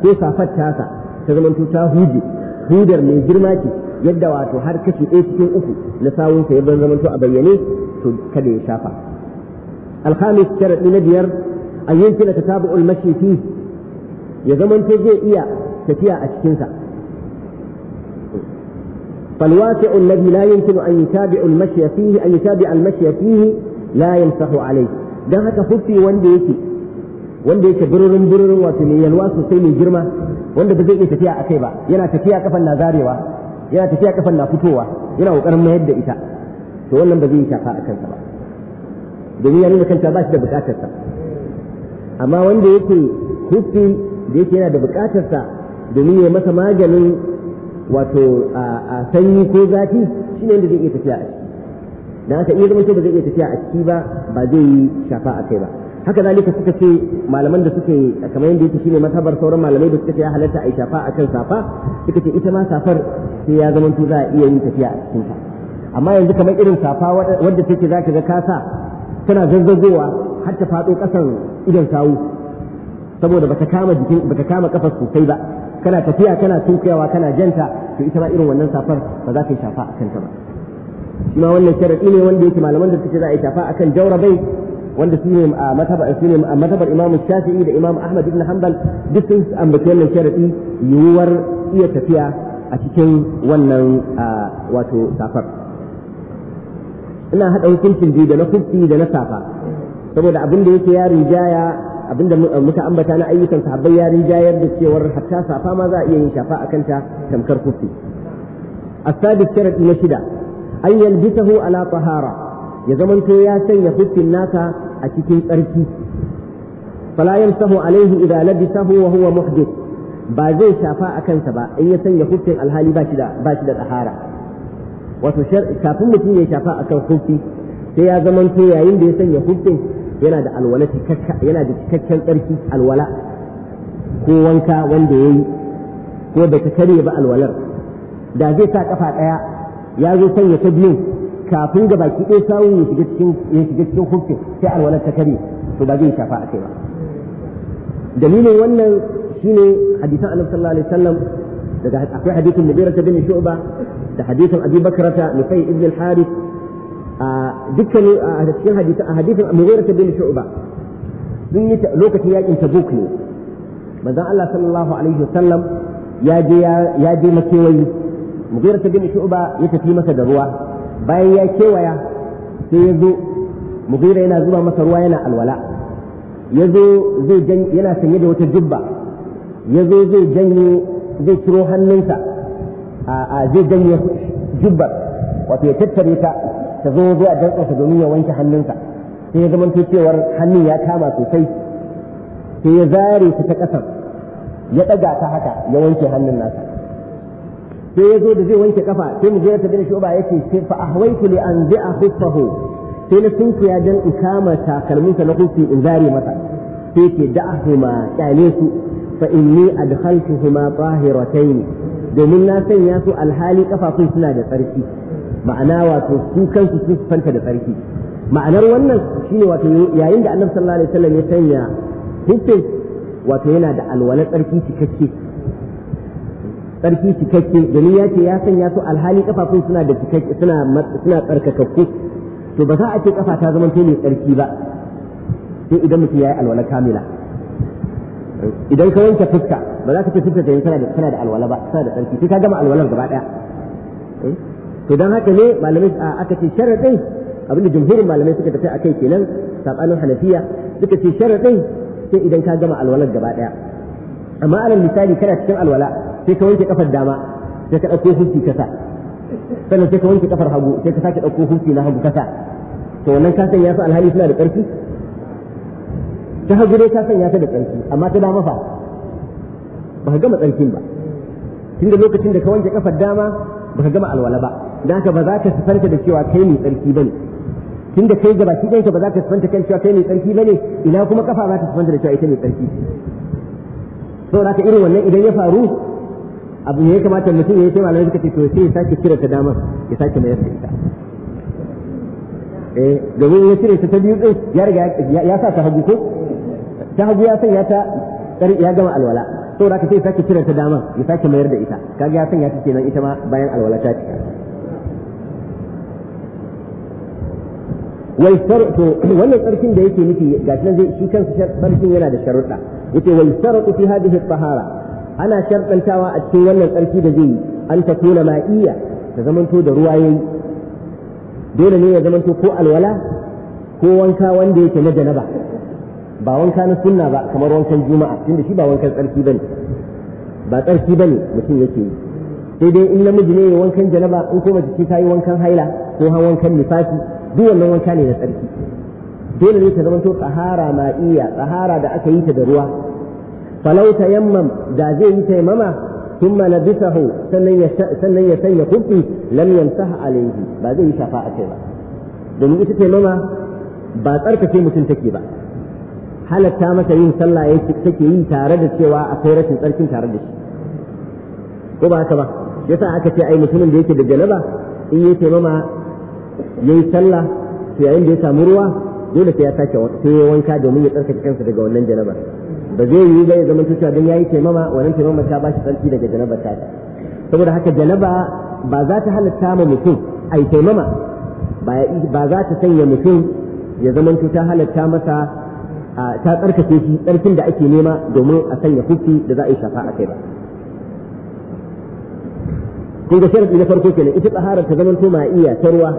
ko safar tasa ta zamanto ta huje hudar mai girma ce yadda wato har kashi ɗaya cikin uku na sawunsa ya ban zamanto a bayyane to kada ya shafa alhamis sharadi na biyar an yanki da tasabu'ul mashi fi ya zamanto zai iya tafiya a cikinsa فالواسع الذي لا يمكن أن يتابع المشي فيه أن يتابع المشي فيه لا يمسح عليه ده هكا ففي وان ديكي وان ديكي بررن بررن واتمي يلواس سيمي جرمة وان ده زي تفيا أكيبا ينا تفيا كفن نازاريوا ينا تفيا كفن نافتوا ينا وقرم مهد إتا to wannan ba zai yi shafa a kansa ba domin ya nuna kanta ba shi da bukatarsa amma wanda yake huffi da yake yana da bukatarsa domin ya masa maganin wato a sanyi ko zafi shi ne da zai iya tafiya a ciki da haka iya zama ce ba zai iya tafiya a ciki ba ba zai yi shafa a kai ba haka zalika suka ce malaman da suke kamar yadda yake shine masabar sauran malamai da suka ce ya halatta a yi shafa a kan safa suka ce ita ma safar sai ya zama za a iya yin tafiya a cikin ta amma yanzu kamar irin safa wadda take za ka ga kasa tana zazzagowa har ta faɗo ƙasan idan sawu saboda bata kama jikin bata kama kafar sosai ba kana tafiya kana tunkuyawa kana janta to ita ma irin wannan safar ba za ka yi shafa a kanta ba shi wannan sharadi ne wanda yake malaman da suke za a yi shafa akan jaurabai wanda su ne a matabar imam shafi'i da imam ahmad ibn hanbal duk sun ambaci wannan sharadi yiwuwar iya tafiya a cikin wannan wato safar ina haɗa hukuncin biyu da na kufi da na safa saboda abin da yake ya rijaya abin da eh, muka ambata na ayyukan sahabbai ya rijayar da cewar hatta safa ma za a iya yin shafa a kanta tamkar kufi السادس شرط نشدة ya zamanto ya sanya يزمن naka a الناس tsarki أركي فلا alaihi عليه إذا لبسه وهو محدث ba zai shafa a kansa ba in ya sanya hukkin alhali ba shi da ba shi da tsahara wato kafin mutum ya shafa akan hufi sai ya zamanto yayin da ya sanya hufin yana da alwala yana da cikakken tsarki alwala ko wanka wanda ya yi ko da ta karye ba alwalar da zai sa kafa ɗaya ya zo sanya ta biyun kafin ga baki ɗaya sawun ya shiga cikin ya shiga cikin hufin sai alwalar ta karye to ba zai shafa a kai ba dalilin wannan shine hadisan annabi sallallahu alaihi wasallam daga akwai hadisin ta bin Shu'ba da hadisin Abi Bakrata Nufay ibn al-Harith dukkanin a cikin hadisin hadisin Mughirah bin Shu'ba sun yi lokacin yakin Tabuk ne manzon Allah sallallahu alaihi wasallam ya je ya je makewayi Mughirah bin Shu'ba ya tafi masa da ruwa bayan ya kewaya sai ya zo Mughirah yana zuba masa ruwa yana alwala ya zo zai yana sanye da wata jibba ya zo zai janye zai ciro hannunsa a zai janye jubbar wato ya tattare ta ta zo zuwa dantsansa domin ya wanke hannunsa sai ya zamanto cewar hannun ya kama sosai sai ya zare su ta ƙasan ya ɗaga ta haka ya wanke hannun nasa sai ya zo da zai wanke kafa sai mu je ta bin shuba yace ce, fa ahwaitu li anzi'a khuffahu sai na sunkuya dan in kama takalminsa na kufi in zare masa sai ce da'ahuma kyale su fa inni adkhaltuhuma tahiratayn domin na sanya su alhali kafafun suna da tsarki ma'ana wato su kansu sun fanta da tsarki ma'anar wannan shine wato yayin da annabi sallallahu alaihi wasallam ya sanya hufin wato yana da alwala tsarki cikakke tsarki cikakke domin ya ce ya sanya su alhali kafafun suna da cikakke suna suna tsarkakakku to ba za a ce kafa ta zama mai tsarki ba sai idan mutum ya yi alwala kamila idan ka wanke fuska ba za ka ce fuska kai tana da tana da alwala ba tana da tsarki sai ka gama alwalar gaba daya eh? to dan haka ne malamai aka ce sharadin abinda jumhurin malamai suka tafi akai kenan sabanin hanafiya suka ce sharadin sai idan ka gama alwalar gaba daya amma alal misali kana cikin alwala sai ka wanke kafar dama sai ka dauko hufi ka sannan sai ka wanke kafar hagu sai ka sake dauko hufi na hagu ka to wannan kasan ya su alhali suna da karfi ta hagu dai ta sanya ta da tsarki amma ta dama fa ba ka gama tsarkin ba tun da lokacin da ka wanke kafar dama ba ka gama alwala ba don haka ba za ka sifanta da cewa kai mai tsarki ba ne tun da kai gaba ki ɗanka ba za ka sifanta kan cewa kai mai tsarki ba ne ina kuma kafa za ta sifanta da cewa ita mai tsarki da haka irin wannan idan ya faru abu ne ya kamata mutum ya yi taimala suka ce to sai ya sake cire ta damar ya sake mayar da ita eh domin ya cire ta ta biyu ɗin ya riga ya sa ta hagu ko ta hagu ya sanya ta ya gama alwala saboda ka sai sake cire ta daman ya sake mayar da ita kaga ya sanya ta kenan ita ma bayan alwala ta cika wai sarauta wannan tsarkin da yake nufi ga nan zai shi kansa tsarkin yana da sharuɗa yake wai sarqu fi hadhihi tahara ana sharɗantawa a cikin wannan tsarki da zai an ta tona ma'iya ta zamanto da ruwa yayi dole ne ya zamanto ko alwala ko wanka wanda yake na janaba ba wanka na sunna ba kamar wankan juma'a tunda shi ba wankan tsarki bane ba tsarki bane mutum yake yi sai dai in namiji ne ya wankan janaba in ko mace ce ta yi wankan haila ko ha wankan nifasi duk wannan wanka ne na tsarki dole ne ta zama to tsahara ma iya tsahara da aka yi ta da ruwa falau tayammam da zai yi tayammama ثم لبسه sannan ya sanya kufi lam yamsaha alayhi ba zai yi shafa'a ce ba domin ita tayammama ba tsarkake mutum take ba halatta masa yin sallah yake take yi tare da cewa akwai rashin tsarkin tare da shi ko ba haka ba yasa aka ce ai mutumin da yake da janaba in yi taimama yi sallah to yayin da ya samu ruwa dole sai ya sake sai ya wanka domin ya tsarkake kansa daga wannan janaba ba zai yi ba ya zama cewa don yayi taimama wannan taimama ta ba shi tsarki daga janabar ta saboda haka janaba ba za ta halatta ma mutum ai taimama ba za ta sanya mutum ya zama ta halatta masa ta tsarkake shi tsarkin da ake nema domin a sanya kufi da za a yi shafa a kai ba kun ga sharadi na farko kenan ita tsahara ta zama to ma'iya ta ruwa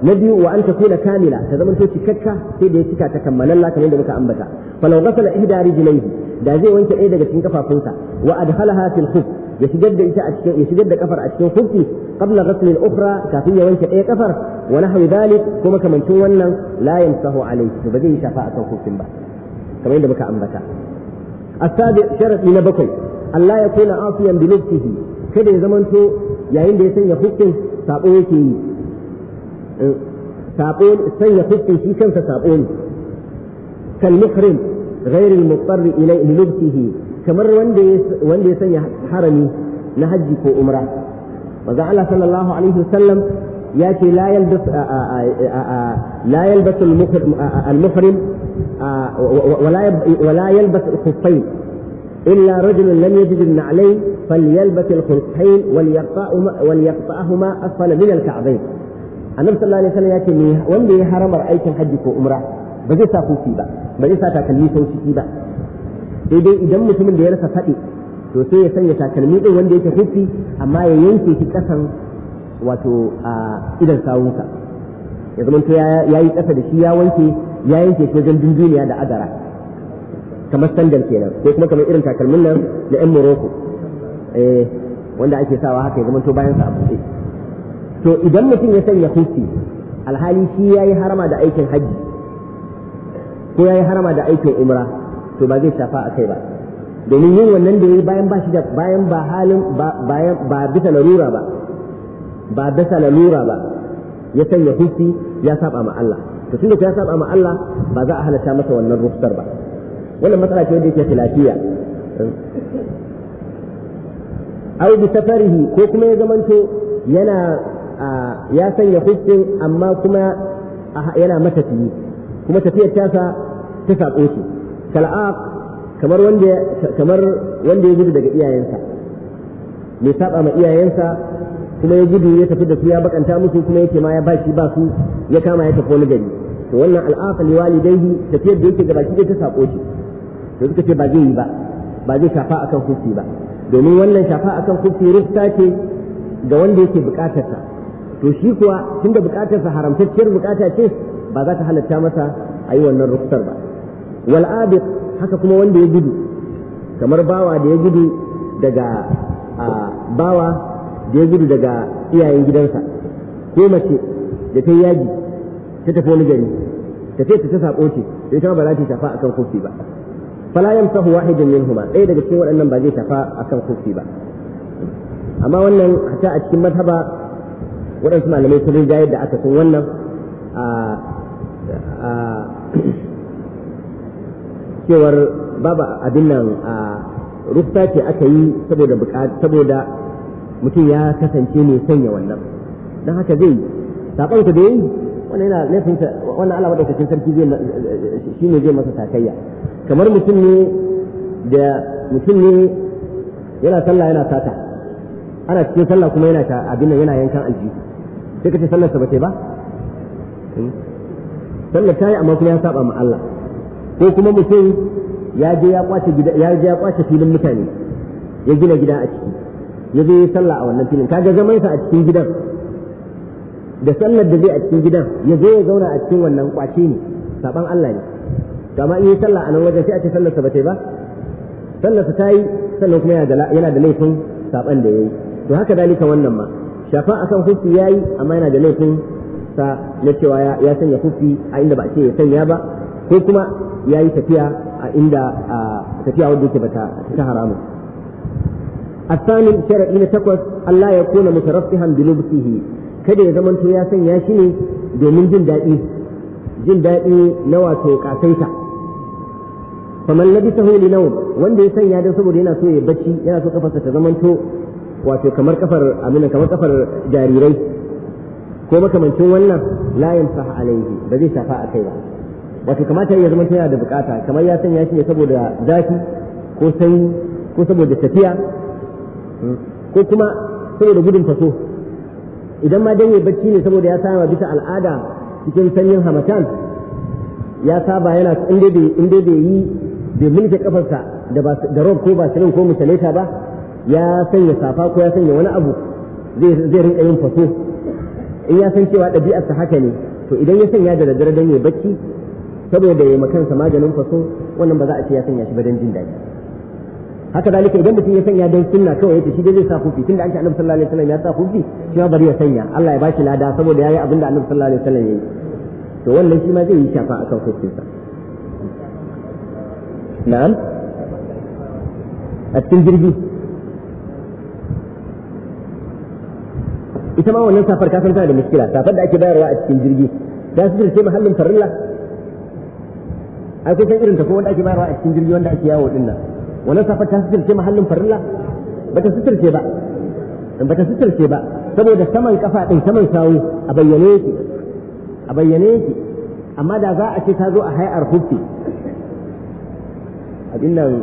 na biyu wa an kula kamila ta zama to cikakka sai da ya cika ta kammalalla kamar da muka ambata falau ghasala ihda rijlaihi da zai wanke ɗaya daga cikin kafafunsa wa adhalaha fil khuf ya shigar da ita a cikin ya shigar da kafar a cikin hufi qabla ghasl ukhra kafin ya wanke ɗaya kafar wa nahwi dhalik kuma kamantun wannan la yamsahu alayhi ba zai shafa akan hufin ba كما عند بكاء بكاء شرط من بكي ألا يكون عاصيا بنفسه كده زمن تو يا عند سن يفك سابون كي سابون سن يفك في كم سابون كالمحرم غير المضطر إليه لبسه كمر وندي وندي سن حرمي نهجك أمرا وذا صلى الله عليه وسلم ياتي لا يلبس آآ آآ آآ آآ لا يلبس المحرم ولا ولا يلبس الخفين إلا رجل لم يجد النعلين فليلبس الخفين وليقطعهما وليقطعهما أسفل من الكعبين annabi sallallahu alaihi wasallam ya ce me wanda ya haramar aikin hajji ko umra ba zai sa kofi ba ba zai sa takalmi sau ba daidai idan mutumin da ya rasa faɗi to sai ya sanya takalmi din wanda yake kofi amma ya yanke shi kasan wato a idan sawunsa ya zama to ya yi ƙasa da shi ya wanke ya yanke ko wajen dunduniya da adara kamar sandal kenan ko kuma kamar irin takalmin nan na yan morocco eh, wanda ake sawa haka ya zama to bayan sa a to idan mutum ya sanya hufi alhali shi ya yi harama da aikin hajji ko ya yi harama da aikin umra to ba zai shafa a kai ba domin yin wannan da ya yi bayan ba shi da bayan ba halin ba bisa larura ba ba bisa larura ba ya sanya hufi ya saba ma Allah to tunda ya saba ma Allah ba za a halatta masa wannan rufsar ba wannan matsala ce wanda yake lafiya. au bi safarihi ko kuma ya zamanto yana ya sanya hufin amma kuma yana matafiyi kuma tafiyar tasa ta sako shi kal'aq kamar wanda kamar wanda ya gudu daga iyayensa mai saba ma iyayensa kuma ya gudu ya tafi da su ya bakanta musu kuma yake ma ya ba shi ba su ya kama ya tafi wani gari to wannan al'aqa li walidayhi tafiyar da yake gabaki ɗaya ta sako shi to suka ce ba zai yi ba ba zai shafa akan kufi ba domin wannan shafa akan kufi rufta ce ga wanda yake sa to shi kuwa tunda sa haramtacciyar bukata ce ba za ta halatta masa a yi wannan rufsar ba wal abid haka kuma wanda ya gudu kamar bawa da ya gudu daga bawa da ya gudu daga iyayen gidansa ko mace da ta yaji ta tafi wani gari ta ce ta sako ce sai ta ba za ta tafa akan kofi ba fala yamsahu wahidun minhuma ɗaya daga cikin waɗannan ba zai tafa akan kofi ba amma wannan hatta a cikin mazhaba waɗansu malamai sun rinja yadda aka sun wannan cewar babu abin nan a rufta ce aka yi saboda mutum ya kasance mai sanya wannan don haka zai yi saƙon ka da yi wannan yana laifin wannan Allah madaukakin sarki zai shi ne zai masa takayya kamar mutum ne da mutum ne yana sallah yana sata ana cikin sallah kuma yana ta abin yana yankan aljihu sai ka ce sallar sa bace ba hmm. sallar ta yi amma kuma ya saba ma Allah ko kuma mutum ya je ya kwace ya je ya kwace filin mutane ya gina gida a ciki ya zo sallah a wannan filin kaga zaman sa a cikin gidan da sallar da zai a cikin gidan ya zo ya zauna a cikin wannan kwace ne saban Allah ne to amma in yi sallah a nan wajen sai a ce sallar sa ba ba sallar sa tayi sannan kuma yana da laifin saban da yayi to haka dalika wannan ma shafa akan hufi yayi amma yana da laifin sa na cewa ya sanya hufi a inda ba a ce ya sanya ba ko kuma yayi tafiya a inda tafiya wadda yake bata ta haramun الثاني شرط من تقوس ألا يكون مترفها بلبسه kada ya zamanto ya sanya shi ne domin jin daɗi jin daɗi na wato ƙasaita kamar labisa huli nau wanda ya sanya don saboda yana so ya barci, yana so kafarsa ta zamanto wato kamar kafar amina kamar kafar jarirai ko makamancin wannan la ba zai safa a kai ba wato kamata ya zamanto yana da bukata kamar ya sanya shi ne saboda zafi ko sanyi ko saboda tafiya ko kuma saboda gudun faso idan ma dan yayi bacci ne saboda ya saba bisa al'ada cikin sanyin hamatan ya saba yana inda bai inda bai yi bai mulke kafarsa da da rob ko ba sirin ko misalaita ba ya sanya safa ko ya sanya wani abu zai zai rinka yin faso in ya san cewa ɗabi'arsa haka ne to idan ya sanya da daddare dan ya bacci saboda ya makansa maganin faso wannan ba za a ce ya sanya shi ba dan jin daɗi haka zalika idan mutum ya sanya don sunna kawai yace shi dai zai sa kufi tunda an ce annabi sallallahu alaihi wasallam ya sa kufi shi ma bari ya sanya Allah ya bashi lada saboda yayi abin da annabi sallallahu alaihi wasallam yayi to wannan shi ma zai yi shafa a akan kufinsa na'am a cikin jirgi ita ma wannan safar ka san tana da muskila safar da ake bayarwa a cikin jirgi da su jirce mahallin farilla akwai kun san irin ta ko wanda ake bayarwa a cikin jirgi wanda ake yawo din nan wannan safar ta sitirce mahallin farilla ta sitirce ba ta sitirce ba saboda saman kafa din saman sawu a bayyane yake a bayyane yake amma da za a ce ta zo a hayar hufi abin nan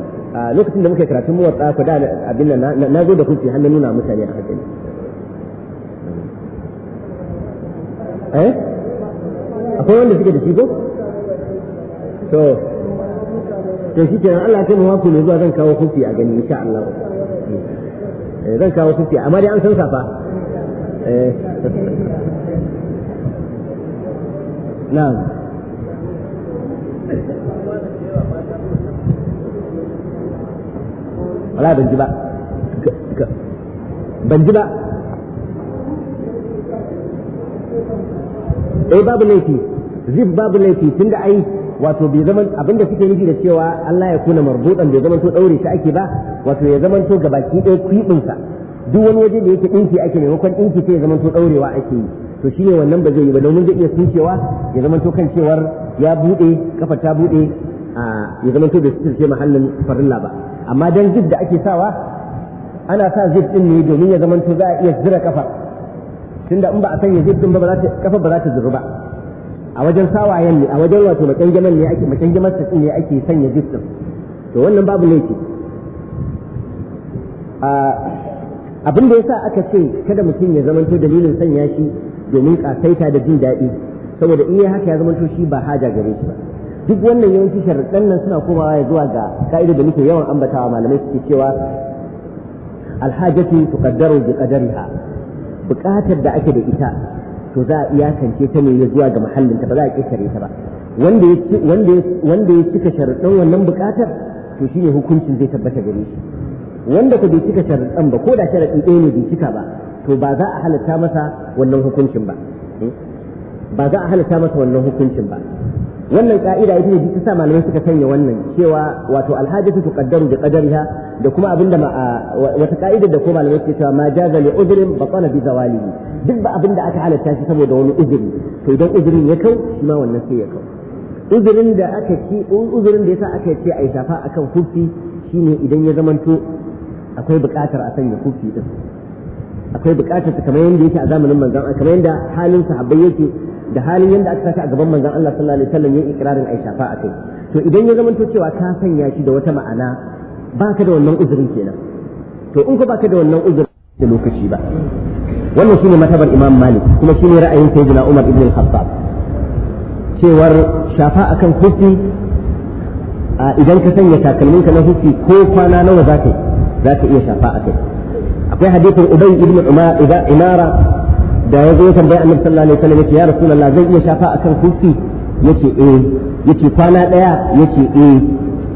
lokacin da muke karatun muwatsa ku da abin nan na zo da hufi har na nuna mutane a hakan eh akwai wanda suke da shi ko to to shi kenan Allah kai mu ku ne zuwa zan kawo kufi a gani insha Allah eh, zan kawo kufi amma dai an san safa eh. na'am wala ban ji ba ban ji ba eh babu laifi babu laifi tunda ai wato bai zaman abinda suke nufi da cewa Allah ya kuna marbudan bai zaman to daure ta ake ba wato ya zaman to gabaki ɗaya kuɗin sa duk wani waje da yake dinki ake maimakon dinki sai ya zaman to daurewa ake yi to shine wannan ba zai yi ba domin zai iya tushewa ya zaman to kan cewar ya bude kafa ta bude ya zaman to bai sirce mahallin farilla ba amma dan zid da ake sawa ana sa zid din ne domin ya zaman to za a iya zira kafa tunda in ba a sanya zid din ba kafa ba za ta zuru ba a wajen sawayen ne a wajen wato makanjaman ne ake sa ne ake sanya jistin to wannan babu laifi abin da yasa aka ce kada mutum ya zamanto dalilin sanya shi domin kasaita da jin daɗi saboda in ya haka ya zamanto shi ba haja gare shi ba duk wannan yawanci sharaɗan nan suna komawa ya zuwa ga ka'idar da muke yawan ambatawa malamai suke cewa alhajati tuqaddaru bi qadariha buƙatar da ake da ita to za a iyakance ta ne zuwa ga muhallin ta ba za a ƙetare ta ba wanda ya cika sharuɗan wannan buƙatar to ne hukuncin zai tabbata gare shi wanda ko bai cika sharuɗan ba ko da sharaɗi ɗaya ne bai cika ba to ba za a halatta masa wannan hukuncin ba hmm? ba za a halatta masa wannan hukuncin ba wannan ka'ida ita ne ta sa malamai suka sanya wannan cewa wato alhajatu tuqaddaru bi qadariha da kuma abinda wata ka'ida da ko malamai suke cewa ma jaza li udrin batala bi zawalihi duk ba abinda aka halatta shi saboda wani uzuri to idan uzurin ya kau shi ma wannan sai ya kau uzurin da aka ci uzurin da yasa aka ce ai safa akan kufi shine idan ya zamanto akwai buƙatar a sanya kufi din akwai buƙatar kamar yanda yake a zamanin manzon kamar yanda halin sahabbai yake da halin yadda aka saka a gaban manzon Allah sallallahu alaihi wasallam yayin ikrarin ai shafa a kai to idan ya zamanto cewa ka sanya shi da wata ma'ana baka da wannan uzurin kenan to in ko baka da wannan uzurin da lokaci ba wannan shine matabar Imam Malik kuma shine ra'ayin Sayyidina Umar ibn al-Khattab cewar shafa akan hufi idan ka sanya takalmin ka na hufi ko kwana nawa za ka za ka iya shafa a akwai hadithin Ubay ibn Umar Imara da ya zo ya tambaya annabi sallallahu alaihi wasallam yace ya rasulullah zan iya shafa akan kufi yace eh yace kwana daya yace eh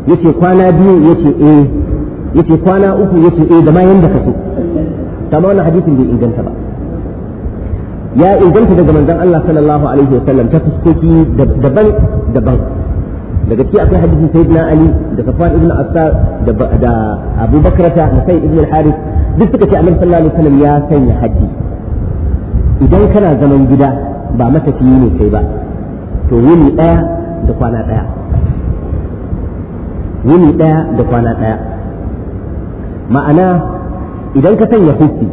yace kwana biyu yace eh yace kwana uku yace eh da ma yanda kaso kama wannan hadisin bai inganta ba ya inganta daga manzon Allah sallallahu alaihi wasallam ta fuskoki daban daban da gaske akwai hadisin sayyidina ali da safwan ibn asad da abubakar ta sayyid ibn al-harith duk suka ce annabi sallallahu alaihi wasallam ya sanya hadisi idan kana zaman gida ba matafiyi ne kai ba to wuni ɗaya da kwana ɗaya wuni ɗaya da kwana ɗaya ma'ana idan ka sanya hufi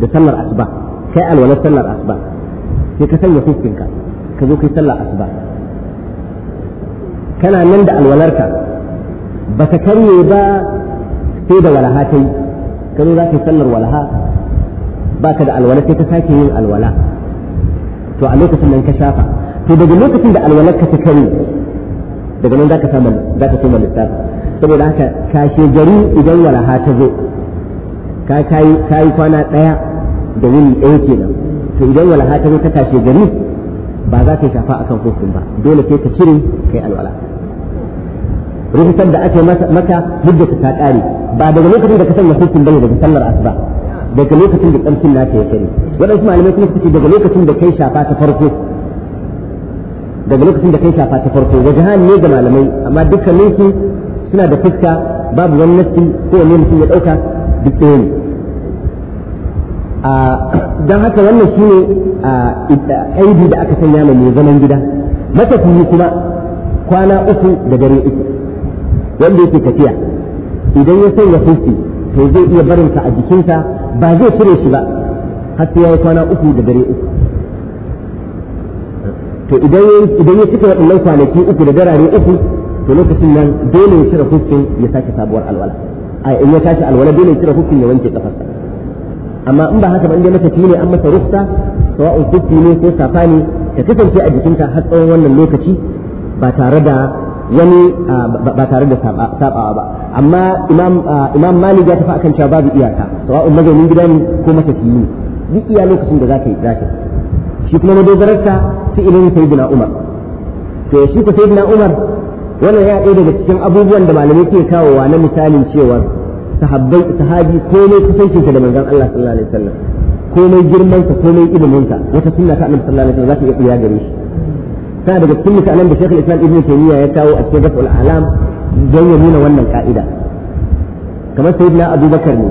da sallar asuba kai alwalar sallar asuba sai ka sanya hufinka ka zo kai sallar asuba kana nan da alwalarka ba ta karye ba sai da walaha ta yi ka zo za ka yi sallar walaha baka da alwala sai ka sake yin alwala to a lokacin nan ka shafa to daga lokacin da alwalar ka ta kare daga nan zaka samu zaka koma lissafi saboda haka ka gari idan walaha ta zo ka kai kai kwana daya da wuni ɗaya kenan to idan walaha ta zo ta kashe gari ba za ka shafa akan hukun ba dole sai ka cire kai alwala rubutar da ake maka hujjata ta kare ba daga lokacin da ka sanya hukun bane daga sallar asuba daga lokacin da ƙarfin naka ya kare waɗansu malamai kuma suka daga lokacin da kai shafa ta farko daga lokacin da kai shafa ta farko wajahan ne ga malamai amma dukkanin su suna da fuska babu wani nasi ko wani mutum ya ɗauka duk ɗaya ne don haka wannan shi shine aibi da aka sanya mai zaman gida matafiyi kuma kwana uku da dare uku wanda yake tafiya idan ya sanya fuski to zai iya barinsa a jikinsa ba zai cire su ba har sai yayi kwana uku da dare uku to idan ya cika waɗannan kwanaki uku da darare uku to lokacin nan dole ya cire hukkin ya sake sabuwar alwala a in ya tashi alwala dole ya cire hukkin ya wanke kafarsa amma in ba haka ba in dai ne an masa rufsa sawa'un hukki ne ko safa ne ta kasance a jikinta har tsawon wannan lokaci ba tare da wani ah, ba tare da sabawa ba amma ah, imam malik ya tafi akan cewa babu iyaka sawa'un mazaunin gidan ko matafiyi duk iya lokacin da zaka yi zaka shi kuma madogararsa fi'ilin sayyidina umar to shi ko sayyidina umar wannan ya ɗaya daga cikin abubuwan da malamai ke kawo wa na misalin cewa sahabbai sahabi komai kusancinsa da manzon Allah sallallahu alaihi wasallam komai girmansa komai iliminsa wata sunna ta annabi sallallahu alaihi wasallam za ta iya gare shi ta daga cikin misalan da Sheikhul Islam Ibn Taymiyyah ya kawo a cikin Raf'ul Alam don ya nuna wannan ka'ida kamar Sayyidina Abu Bakar ne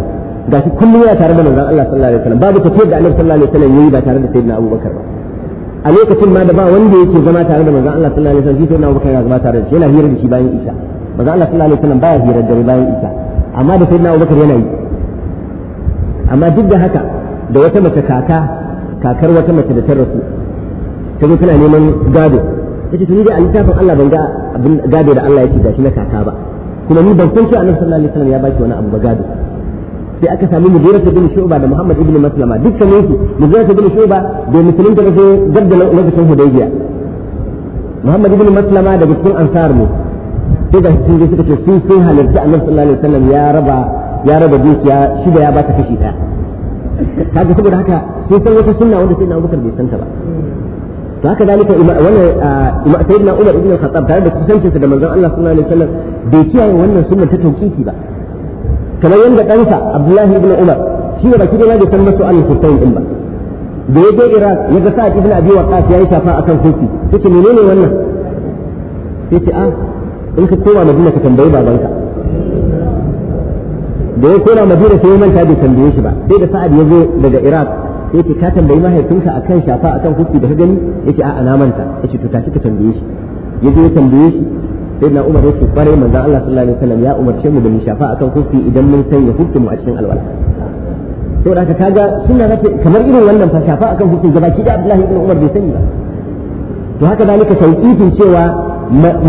gashi kullum yana tare da manzon Allah sallallahu alaihi wasallam babu tafiyar da Annabi sallallahu alaihi wasallam yayi ba tare da Sayyidina Abu Bakar ba a lokacin ma da ba wanda yake zama tare da manzon Allah sallallahu alaihi wasallam shi Sayyidina Abu Bakar yana zama tare da shi yana hira da shi bayan Isha manzon Allah sallallahu alaihi wasallam baya hira da bayan Isha amma da Sayyidina Abu Bakar yana yi amma duk da haka da wata mace kaka kakar wata mace da ta rasu ta zo tana neman gado ta ce tuni dai a littafin Allah ban ga abin gado da Allah ya gashi na kaka ba kuma ni ban san cewa Annabi sallallahu alaihi wasallam ya baki wani abu ba gado sai aka sami Mughira bin Shu'ba da Muhammad ibn Maslama dukkan su Mughira bin Shu'ba da musulunta da zo gab da lokacin Hudaybiyah Muhammad ibn Maslama daga cikin ansar mu sai da sun je suka ce sun sun halarci Annabi sallallahu alaihi wasallam ya raba ya raba dukiya shida ya bata kashi daya kaga saboda haka sun san wata sunna wanda sai na Abubakar bai santa ba to haka zalika wannan sayyidina Umar ibn Khattab tare da kusancinsa da manzon Allah sallallahu alaihi wasallam bai kiyaye wannan sunna ta tauqiti ba kamar yadda ɗansa Abdullahi ibn Umar shi ne baki da bai san masu an kusayin din ba da ya je Iraq ya ga Sa'ad ibn Abi Waqqas yayi shafa akan kofi sai menene wannan sai ce a ah, in ka koma Madina ka tambayi babanka da ya koma Madina sai ya manta bai tambaye shi ba sai da Sa'ad ya zo daga Iraq yake ta tambayi mahaifinka kan shafa a kan hukki da ka gani ce a'a na manta yace to tashi ka tambaye shi yaje ya tambaye shi sai na umar yace kware manzan Allah sallallahu alaihi wasallam ya umarce mu da mu shafa a kan hukki idan mun sanya hukki mu a cikin alwala da ka kaga sunna zata kamar irin wannan fa shafa a kan hukki gaba ki da Abdullahi ibn Umar bai sani ba to haka zalika tauqifin cewa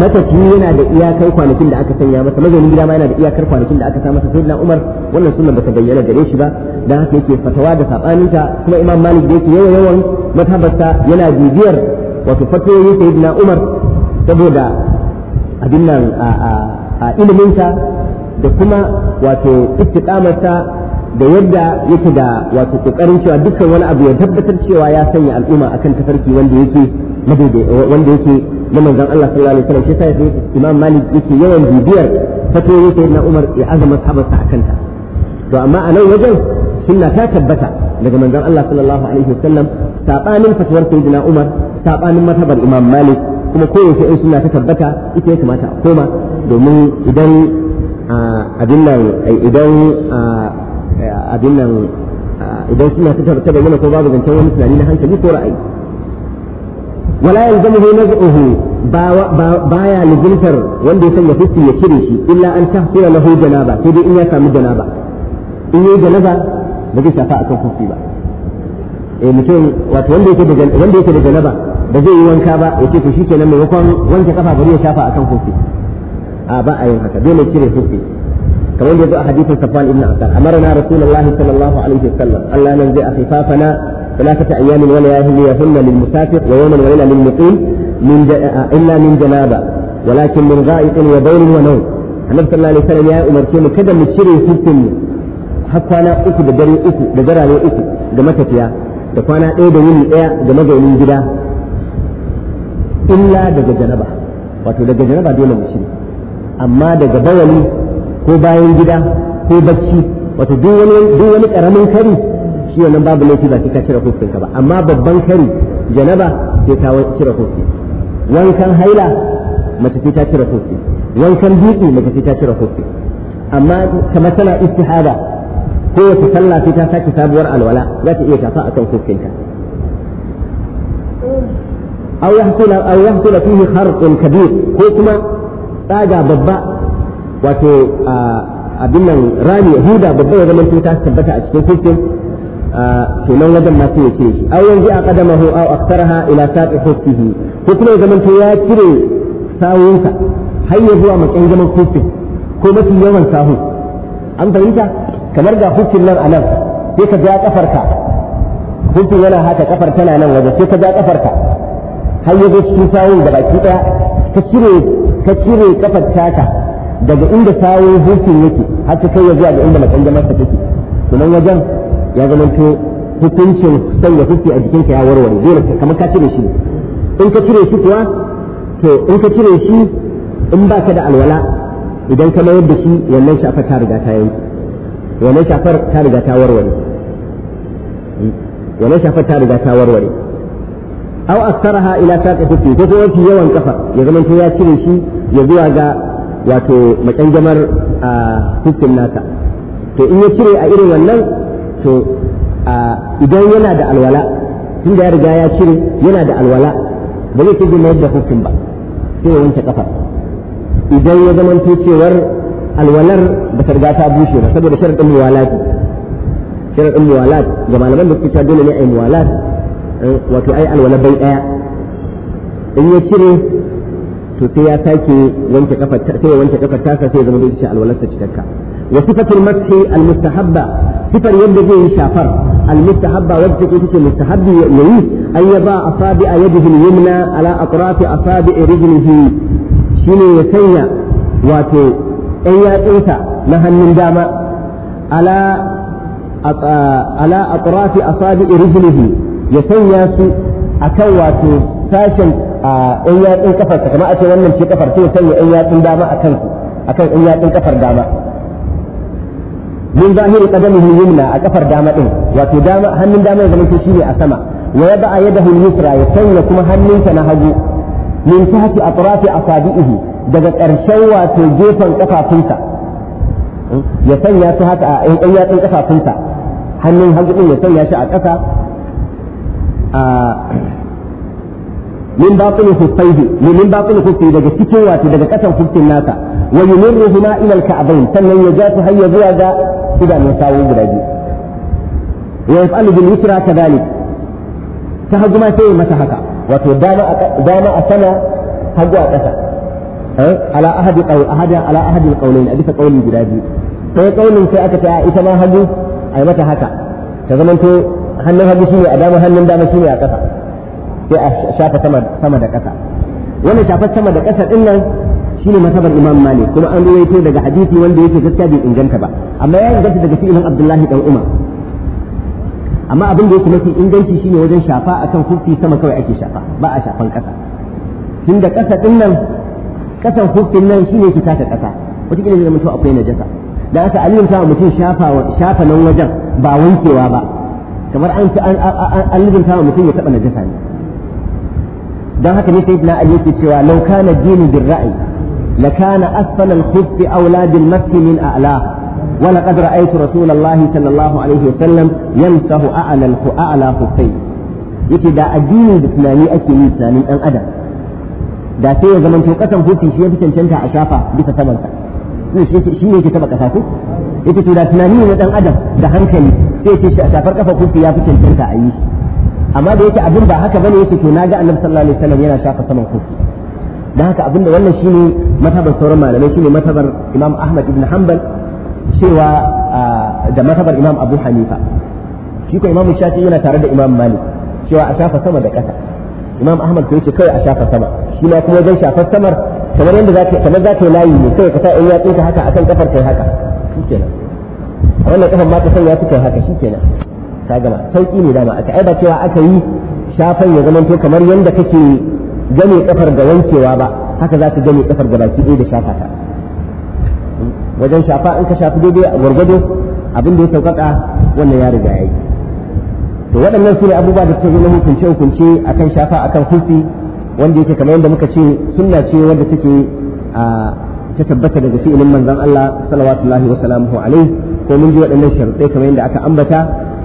matafiyi yana da iyakar kwanakin da aka sanya masa mazaunin gida ma yana da iyakar kwanakin da aka sa masa sayyidina Umar wannan sunna bata bayyana gare shi ba dan haka yake fatawa da sabaninta kuma Imam Malik da yake yawa yawan matabarta yana bibiyar wato fatawoyi sayyidina Umar saboda abin nan a iliminsa da kuma wato istiqamarsa da yadda yake da wato kokarin cewa dukkan wani abu ya tabbatar cewa ya sanya al'umma akan tafarki wanda yake Eh, wanda yake na manzon Allah sallallahu alaihi wasallam shi sai Imam Malik yake yawan bibiyar fatoyin na Umar ya azama sahabarsa akan ta to amma a nan wajen sunna ta tabbata daga manzon Allah sallallahu alaihi wasallam sabanin fatuwar sayyidina Umar sabanin matabar Imam Malik kuma ko koyaushe in sunna ta tabbata ita ya kamata a koma domin idan abin nan eh, idan eh, abin nan idan suna ta tabbata ko babu zancen wani tunani na hankali ko ra'ayi ولا يلزمه نزعه baya lizimtar wanda ya sanya fiski ya cire shi illa an tahsira lahu janaba sai dai in ya samu janaba in yi janaba ba zai shafa akan fiski ba eh wanda yake da wanda yake da zai yi wanka ba yace to shikenan maimakon wanke kafa bari ya shafa akan fiski a ba a yin haka dole cire fiski كما يجد حديث صفوان بن عسار أمرنا رسول الله صلى الله عليه وسلم ألا ننزع خفافنا ثلاثة أيام ولا يهليهن للمسافر ويوما وليلة للمقيم من ج... إلا من جنابة ولكن من غائط وبول ونوم النبي صلى الله عليه وسلم يا أمر كيما كذا متشري سلسلني har kwana uku da dare uku da garare uku ga matafiya da kwana ɗaya da wuni ɗaya ga mazaunin gida illa daga janaba wato daga janaba dole mu shiri amma daga bawali ko bayan gida ko bacci wato duk wani duk wani karamin kari shi wannan babu laifi ba sai ka cire kufin ka ba amma babban kari janaba sai ta cire kufi wankan haila mace sai ta cire kufi wankan dutse mace sai ta cire kufi amma kamar tana istihada kowace sallah sai ta sake sabuwar alwala za ta iya tafa akan kufinka أو يحصل أو يحصل فيه خرق كبير كوكما تاجا ببا wato abin nan rami huda babban ya zama ta tabbata a cikin sistem to nan wajen ma sai yake cire shi aw yanzu a qadamahu au aktharaha ila saqi hukmihi ko kuma ya zaman ya cire sawunka har ya zuwa makan zaman hukmin ko mafi yawan sahu an fahimta kamar ga hukmin nan a nan sai ka ja kafarka hukmin yana haka kafar tana nan waje sai ka ja kafarka har ya zo cikin sawun da baki daya ka cire ka cire kafar taka daga inda sawo hukun yake har ta kai ya zuwa ga inda makangamar ta take to nan wajen ya zama to hukuncin sanya hukki a jikinka ya warware dole kamar ka cire shi in ka cire shi kuwa to in ka cire shi in ba ka da alwala idan ka mayar da shi wannan shafar ta riga ta yanki wannan shafar ta riga ta warware wannan shafar ta riga ta warware aw aktaraha ila saqi ko ko yawan kafa ya zama to ya cire shi ya zuwa ga wato maƙyanjamar a hukun nasa to in ya cire a irin wannan to idan yana da alwala tun da ya riga ya cire yana da alwala ba zai ce mayar da hukun ba sai ya wanke kafar idan ya zama cewar alwalar ba ta riga ta bushe ba saboda sharaɗin muwalat sharaɗin muwalat ga malaman da ta dole ne a yi muwalat eh, wato ai alwala bai ɗaya in ya cire to sai ya sake wanke kafar sai ya wanke kafar ta sai ya zama dai alwalar ta cikakka wa sifatul mashi almustahabba sifar yadda zai yi shafar almustahabba wacce ke take mustahabbi yayi an yaba asabi a yadihi yumna ala atrafi asabi rijlihi shine ya sanya wato ɗan yatsunsa na hannun dama ala ala atrafi asabi rijlihi ya sanya su akan wato sashen a ɗan yatsun kafar ka kamar a ce wannan ce kafar sai sanya ɗan yatsun dama a kansu akan ɗan yatsun kafar dama min zahiri qadamihi yumna a kafar dama din wato dama hannun dama ya zama shi ne a sama wa yada yadahu al-yusra ya sanya kuma hannunsa na hagu min tahti atrafi asabihi daga ƙarshen wato gefen kafafunsa ya sanya su haka a ɗan yatsun kafafunsa hannun hagu din ya sanya shi a ƙasa min batil khufayhi min batil khuffi daga cikin wato daga kasan khuffin nasa wa yumirruhuma ila al-ka'bayn sannan ya ja su har ya zuwa ga idanun sawu guda biyu wa yaf'alu bil yusra ta hagu sai mata haka wato dama a sama hagu a ƙasa eh, ala ahadi qawl a bisa qawlin guda biyu sai qawlin sai aka hagu mata haka ta hannun hagu shine a dama hannun dama a ƙasa sai a shafa sama da ƙasa wani shafa sama da ƙasa din nan shine masabar imam malik kuma an ruwaito daga hadisi wanda yake gaskiya bai inganta ba amma ya inganta daga fi'ilin abdullahi dan umar amma abin da yake mafi inganci shine wajen shafa akan kufi sama kawai ake shafa ba a shafan ƙasa tun da ƙasa din nan ƙasan kufin nan shine ke taka ƙasa wataƙila zai mutu akwai najasa da aka alimta mutum shafa nan wajen ba wankewa ba kamar an an wa mutum ya taɓa najasa ne dan haka ne sayyidina ali yake cewa law kana dinu bil ra'ayi la kana asfal al khuff awla bil makki min a'la wa laqad ra'aytu rasulullah sallallahu alaihi wasallam yamsahu a'la al a'la yake da addini da tunani ake yi tunanin dan adam da sai ya zamanto kasan hufi shi ya fi cancanta a shafa bisa samansa shi ne yake taba kasa yake to da tunani ne dan adam da hankali sai ce shafar kafa hufi ya fi cancanta a yi shi amma da yake abin ba haka bane yake to naga annabi sallallahu alaihi wasallam yana shafa saman kofi dan haka abinda wannan shine matabar sauran malamai shine matabar Imam Ahmad ibn Hanbal cewa da matabar Imam Abu Hanifa shi ko Imam Shafi yana tare da Imam Malik cewa a shafa sama da ƙasa Imam Ahmad ko yace kai a shafa sama shi ma kuma zai shafa samar kamar yadda zaka kamar zaka layi ne kai ka sa in yatsun ka haka akan kafar kai haka shikenan wannan kafar ma ka sanya ta kai haka shikenan ta gama sauki ne dama aka ai ba cewa aka yi shafan ya zamanto kamar yadda kake gane kafar ga wankewa ba haka za ka gane kafar ga baki ɗaya da shafa ta wajen shafa in ka shafi daidai a gwargwado abin da ya sauƙaƙa wannan ya riga yayi to waɗannan su ne abubuwa da suka zo na hukunce hukunce akan shafa akan hufi wanda yake kamar yadda muka ce sunna ce wanda take a ta tabbata daga fi'ilin manzon Allah sallallahu alaihi wa sallamu ko mun ji waɗannan sharuɗai kamar yadda aka ambata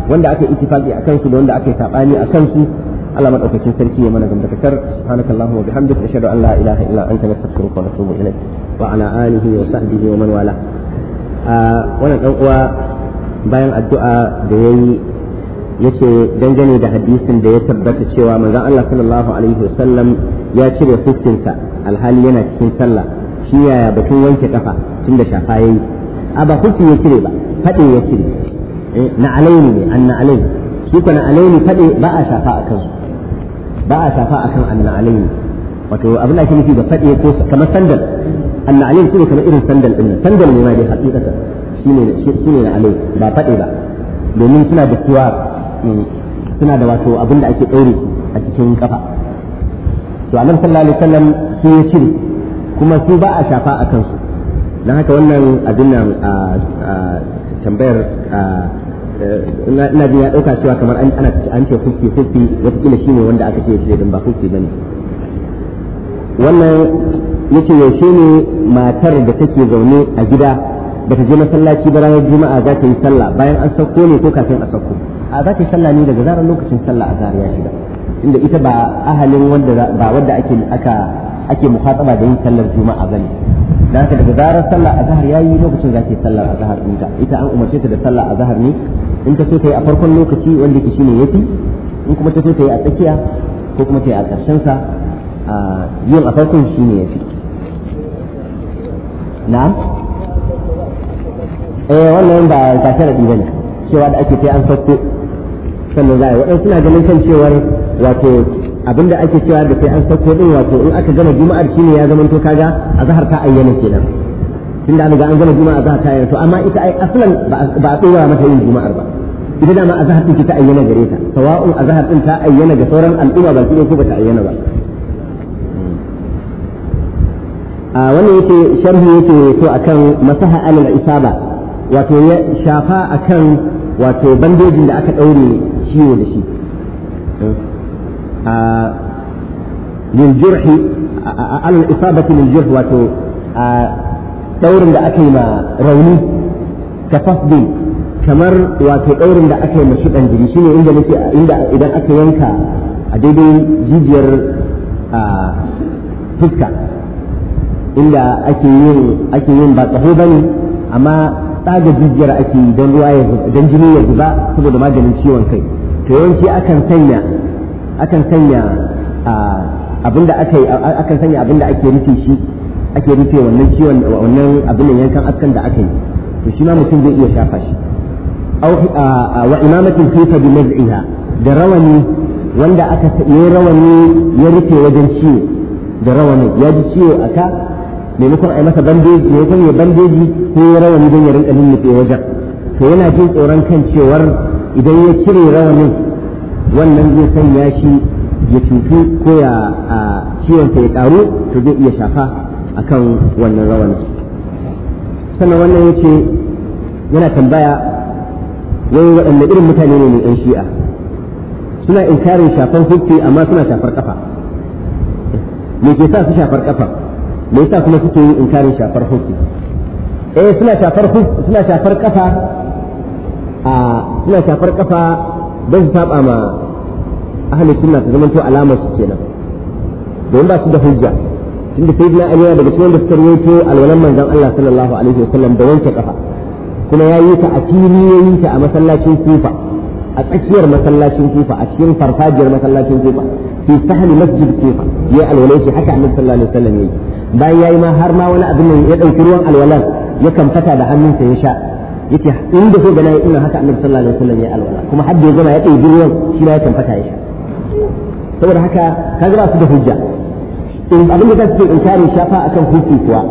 wanda aka yi ittifaqi akan su da wanda aka yi sabani akan su Allah madaukakin sarki ya mana gamdakatar subhanakallahu wa bihamdika ashhadu an la ilaha illa anta nastaghfiruka wa natubu ilaik wa ala alihi wa sahbihi wa man wala wannan dan uwa bayan addu'a da yayi yace dangane da hadisin da ya tabbata cewa manzon Allah sallallahu alaihi wa wasallam ya cire fuskinsa alhali yana cikin sallah shi yaya batun wanke kafa tunda shafa yayi a ba hukun ya cire ba faɗin ya cire Eh, na alaini ne an na alaini shi ko na alaini faɗe ba a shafa a kansu ba a shafa a kan an na alaini wato abin da ake nufi da faɗe ko kamar sandal an na alaini shine kamar irin sandal ɗin sandal ne ma dai hakikatan shine na alaini ba faɗe ba domin suna da suwa eh, suna da wato abin da ake ɗaure a cikin kafa to annabi sallallahu alaihi wasallam su ya cire kuma su ba a shafa a kansu dan haka wannan abin nan tambayar eh, na ji ya ɗauka cewa kamar an ce fifty fifty wataƙila shi ne wanda aka ce ya ba fifty ba ne wannan ya ce yaushe ne matar da take zaune a gida ba ta je masallaci ba ranar juma'a za ta yi sallah bayan an sauko ne ko kafin a sauko a za ta yi sallah ne daga zarar lokacin sallah a zariya shida inda ita ba ahalin wanda ba wanda ake aka ake da yin sallar juma'a bane da haka daga zarar sallah azhar yayi lokacin zaki sallar azhar ɗinka ita an umarce ta da sallah azhar ne in ta so ta yi a farkon lokaci wanda ke shine yafi in kuma ta so ta yi a tsakiya ko kuma ta yi a ƙarshen sa yin a farkon shine yafi na'am eh wannan ba ta tara ɗi bane cewa da ake kai an sako sannan za a yi waɗansu na ganin kan cewar wato abinda ake cewa da sai an sauko din wato in aka gama juma'ar shine ya zama to kaga azhar ta ayyana kenan da an ga an gama juma'a za ta yi to amma ita ai aslan ba a tsora mata yin juma'ar ba ita dama azhar din ta ayyana gare ta sawa'un azhar din ta ayyana ga sauran al'umma ba ko ba ta ayyana ba a wannan yake sharhi yake to akan masaha alal isaba wato ya shafa akan wato bandejin da aka daure ciwo da shi للجرح على الإصابة للجرح واتو دور da aka yi ma rauni ka fasdin kamar wato daurin da aka yi ma shidan jiri shine inda nake aka yanka a daidai jijiyar fuska inda ake yin ake yin ba tsaho bane amma tsaga jijiyar ake yi don ruwa don jini ya zuba saboda maganin ciwon kai to yawanci akan sanya akan sanya abinda aka yi akan sanya abinda ake rufe shi ake rufe wannan ciwon wannan abin da yankan askan da aka yi to shi ma mutum zai iya shafa shi wa imamatin khifa bi naz'iha da rawani wanda aka yi rawani ya rufe wajen ciwo da rawani ya ji ciwo a ka maimakon a yi masa bandeji maimakon ya bandeji sai ya rawani don ya rinka lullufe wajen to yana jin tsoron kan cewar idan ya cire rawanin wannan zai sanya shi ya cuci ko ya ciwonsa ya ƙaru to zai iya shafa a kan wannan rawan sannan wannan ya ce yana tambaya wani waɗanne irin mutane ne mai 'yan shi'a suna inkarin shafan hukki amma suna shafar kafa me ke sa su shafar kafa me yasa kuma suke yin inkarin shafar hukki eh suna shafar suna shafar kafa a suna shafar kafa don su saba ma ahli sunna ta zamanto alamar su kenan don ba su da hujja tunda sai na aliya daga cikin da suka rawaito alwalan manzon Allah sallallahu alaihi wasallam da wanke kafa kuma ya yi ta a fili ya ta a masallacin kufa a tsakiyar masallacin kufa a cikin farfajiyar masallacin kufa fi sahli masjid kufa ya alwalai shi haka annabi sallallahu alaihi wasallam yayi bayan yayi ma har ma wani abin ya dauki ruwan alwalan ya kan fata da hannunsa ya sha yace in da so gana ina haka annabi sallallahu alaihi wasallam ya alwala kuma hadda ya zama ya ɗebi ruwan shi ya tamfata ya sha saboda haka ka ba su da hujja in abin da kake inkari shafa akan hukunci kuwa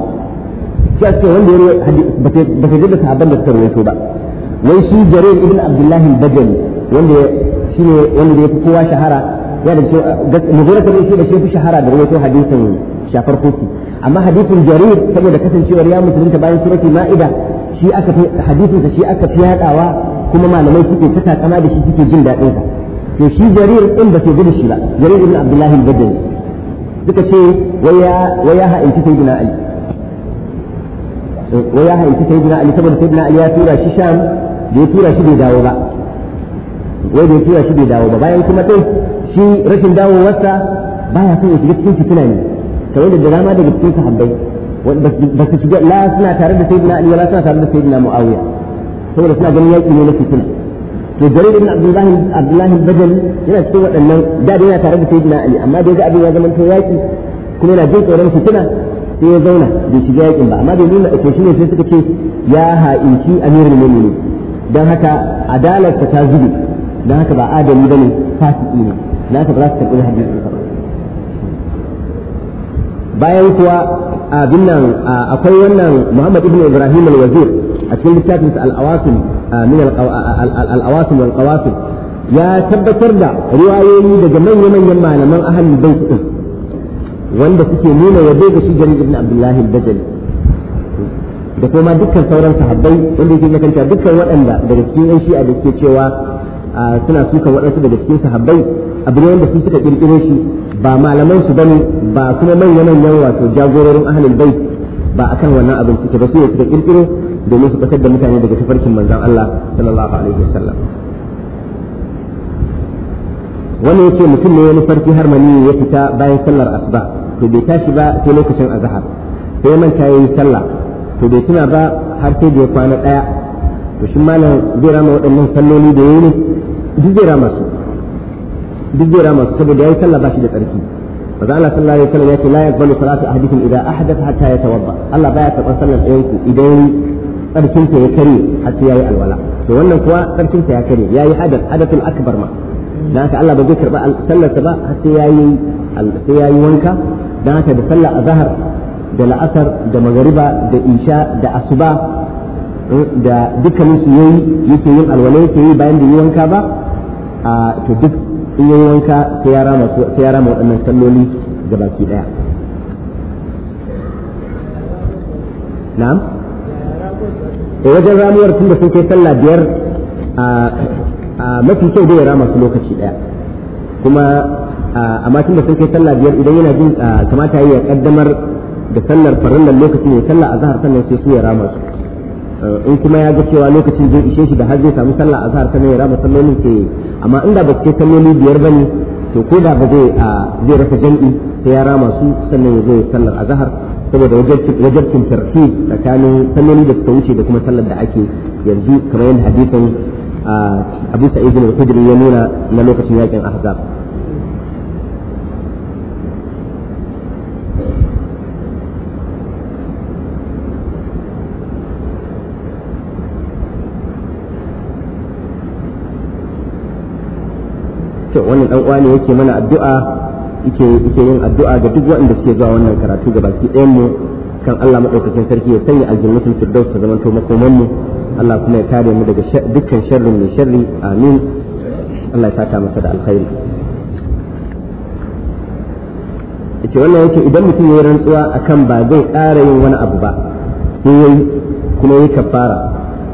sai suke wanda ya ba ta da sahabban da suka rawaito ba wai shi jarir ibn abdullah al-bajali wanda ne wanda ya fi kowa shahara ya da mugura ta shi da shi fi shahara da rawaito hadisin shafar hukunci amma hadisin jarir saboda kasancewar ya musulunta bayan suratul ma'ida shi aka fi hadisin sa shi aka fi yadawa kuma malamai suke ta takama da shi suke jin daɗin sa to shi jarir in ba ke gudu shi ba jarir ibn abdullahi al-badr suka ce waya waya ha in sayyidina ali eh, waya ha in sayyidina ali saboda sayyidina ali ya tura shi sham da ya tura shi bai dawo ba wai da ya tura shi bai dawo ba bayan kuma din shi rashin dawowarsa baya son ya shiga cikin fitina ne kamar da dama daga cikin sahabbai ba su shiga la suna tare da sayyidina ali wala suna tare da sayyidina muawiya saboda suna ganin yaki ne na fitina to jarir ibn abdullahi abdullahi badal yana cikin waɗannan da yana tare da sayyidina ali amma da ga abin ya zama to yaki kuma yana jin tsoron fitina sai ya zauna bai shiga yakin ba amma bai nuna to shine sai suka ce ya ha'inci amirul mu'minin dan haka adalarsa ta zube dan haka ba adali bane fasiki ne dan haka ba za su karɓi hadisin ba. bayan kuwa abin nan akwai wannan Muhammad ibn Ibrahim al-Wazir a cikin littafin sa al-Awasim min al-Awasim wal Qawasim ya tabbatar da riwayoyi daga manya-manyan malaman ahlul bait din wanda suke nuna yabo ga shi Jarir ibn Abdullah al-Bajali da kuma dukkan sauran sahabbai wanda yake kanta dukkan waɗanda daga cikin yan shi'a da suke cewa suna suka waɗansu daga cikin sahabbai abu da su suka kirkiro shi ba malaman su bane ba kuma manya manyan wato jagororin ahalin bai ba akan wannan abin suke ba su ne da kirkiro domin su fitar da mutane daga tafarkin manzan Allah sallallahu alaihi sallam. wani yake mutum ne wani farki har mani ya fita bayan sallar asuba to bai tashi ba sai lokacin azhar sai manta yi sallah to bai tuna ba har sai da ya kwana daya to shin malam zai rama waɗannan salloli da yayi ne duk zai rama su duk zai rama su saboda yayi sallah ba shi da tsarki maza Allah sallallahu alaihi wasallam yace la yaqbalu salatu ahadikum idza ahdatha hatta yatawadda Allah baya karɓar sallar ɗayan ku idan tsarkin sa ya kare har sai yayi alwala to wannan kuwa tsarkin sa ya kare yayi hadath hadathul akbar ma dan haka Allah ba zai karɓa sallar sa ba har sai yayi sai yayi wanka dan haka da sallar azhar da la'asar da magariba da isha da asuba eh, da dukkanin su yayi yake yin alwala yake yi bayan da yi wanka ba to duk in yi wanka sai ya rama waɗannan ya ga waɗannan salloli gabaki daya na'am to wajen ramuwar tun da sun kai sallah biyar a mafi kyau da ya rama su lokaci ɗaya kuma amma da sun kai sallah biyar idan yana jin kamata ya kaddamar da sallar farin nan lokacin mai sallah a zahar sannan sai su ya rama su Eh, in kuma ya ga cewa lokacin zai ishe shi da har zai samu sallah azhar ta ne ya raba sallolin sai amma inda ba ke salloli biyar bane to ko da ba zai zai rasa jam'i sai ya rama su sannan ya zai sallar azhar saboda wajarcin tartib tsakanin salloli da suka wuce da kuma sallar da ake yanzu kamar yadda hadisin Abu Sa'id al ya nuna na lokacin yakin Ahzab to wannan dan uwa ne yake mana addu'a yake yake yin addu'a ga duk waɗanda suke zuwa wannan karatu ga baki ɗayan mu kan Allah madaukakin sarki ya sanya aljannatul firdaus ta to makoman mu Allah kuma ya kare mu daga dukkan sharrin mai sharri amin Allah ya saka masa da alkhairi yace wannan yake idan mutum ya rantsuwa akan ba zai ƙara yin wani abu ba sai yayi kuma yayi kafara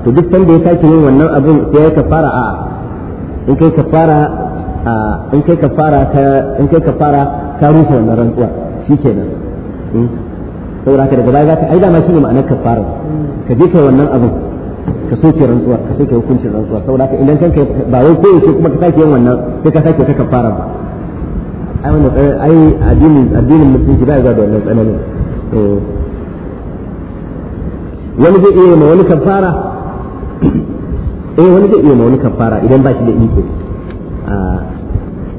to duk sanda ya sake yin wannan abun sai ya kafara a'a in kai kafara in kai ka in kai ka rufe wannan rantsuwa shikenan hmm. saboda haka daga baya za ka aida ma shine ma'anar fara ka je kai wannan abin ka soke rantsuwa ka soke hukuncin rantsuwa saboda haka idan kanka ba wai ko yaushe kuma ka sake yin wannan sai ka sake ka fara ba ai wannan ai addinin addinin musulunci ba ya da wannan tsananin wani zai iya ma wani kafara eh wani zai iya ma wani kafara idan ba shi da iko ah,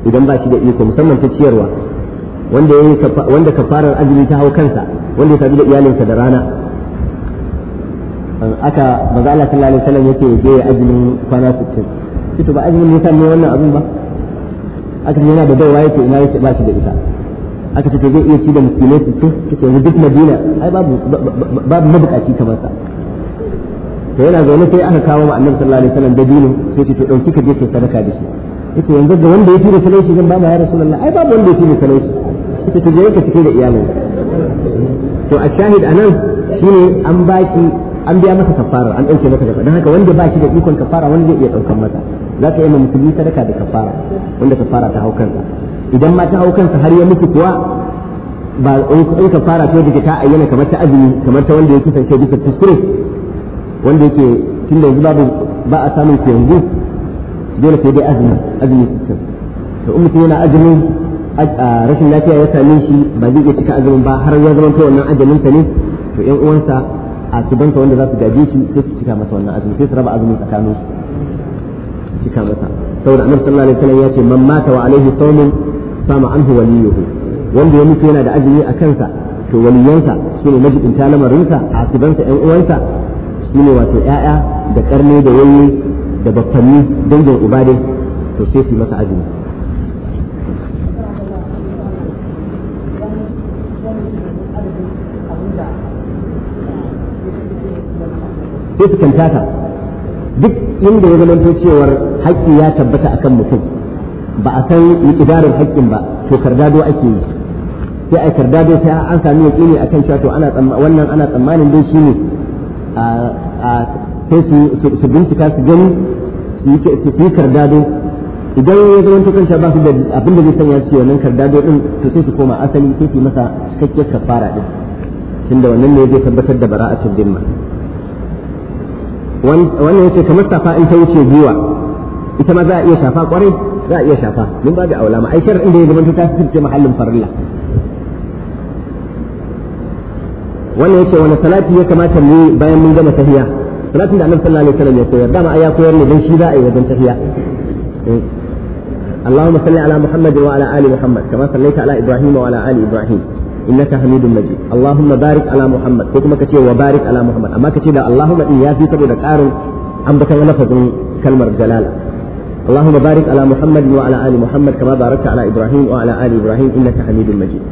idan ba shi da iko musamman ta ciyarwa wanda yayi wanda kafarar azumi ta hau kansa wanda ya sabu da iyalinsa da rana aka maza Allah sallallahu alaihi wasallam yake je azumin kwana 60 kito ba azumin ne san ne wannan abin ba aka yana da dawa yake ina yake ba shi da ita aka ce zai iya ci da su 60 kike yanzu duk Madina ai babu babu mabukaci kamar sa to yana zaune sai aka kawo ma Annabi sallallahu alaihi wasallam dinin sai ce to dauki ka je ka sadaka da shi yace yanzu da wanda ya fi da talauci zan ba ma ya rasulullah ai babu wanda ya fi da talauci yace ta je ka cike da iyalin to a shahid anan shine an baki an biya masa kafara an dauke masa kafara dan haka wanda ba shi da ikon kafara wanda zai iya daukan masa za ka yi ma musulmi sadaka da kafara wanda kafara ta hau kansa idan ma ta hau kansa har ya mutu kuwa ba in ka fara ta daga ta ayyana kamar ta azumi kamar ta wanda ya kasance bisa kuskure wanda yake tun da yanzu babu ba a samun ke yanzu dole sai dai azumi azumi sittin to in mutum yana azumi rashin lafiya ya same shi ba zai iya cika azumin ba har ya zama to wannan ajalin sa ne to ƴan uwansa a kibansa wanda za su gaje shi sai su cika masa wannan azumi sai su raba azumin tsakanin su cika masa saboda annabi sallallahu alaihi wasallam ya ce man mata wa alaihi sawmun sama anhu waliyuhu wanda ya mutu yana da azumi a kansa to waliyansa shine majibin talamarinsa a kibansa ƴan uwansa shine wato ƴaƴa da karne da wani. da bakwanni dangin uba to sai su masa azumi sai su duk inda ya zamanto cewar haƙƙi ya tabbata akan mutum ba a san miƙidarin haƙƙin ba to kardado ake yi sai a kardado sai an sami yaƙini akan cewa to ana wannan ana tsammanin dai shine a sai su bincika su gani su yi kardado idan ya zama ta kanta ba su da abin da zai sanya su wannan kardado din to sai su koma asali sai su masa cikakkiyar kafara din da wannan ne zai tabbatar da bara'atul dimma wannan yace kamar safa in ta wuce giwa ita ma za a iya shafa kwarai za a iya shafa min ba da aula ma aishar inda ya zama ta fice mahallin farilla wannan yace wani salati ya kamata mu bayan mun gama tahiya salatin da annabi sallallahu alaihi wasallam ya koyar dama ai ya koyar ne dan shi za a yi wajen tafiya اللهم صل على محمد وعلى آل محمد كما صليت على إبراهيم وعلى آل إبراهيم إنك حميد مجيد اللهم بارك على محمد كما كتير وبارك على محمد أما كتير اللهم إياك تبدأ قارن عم بك لفظ كلمة جلالة اللهم بارك على محمد وعلى آل محمد كما باركت على إبراهيم وعلى آل إبراهيم إنك حميد مجيد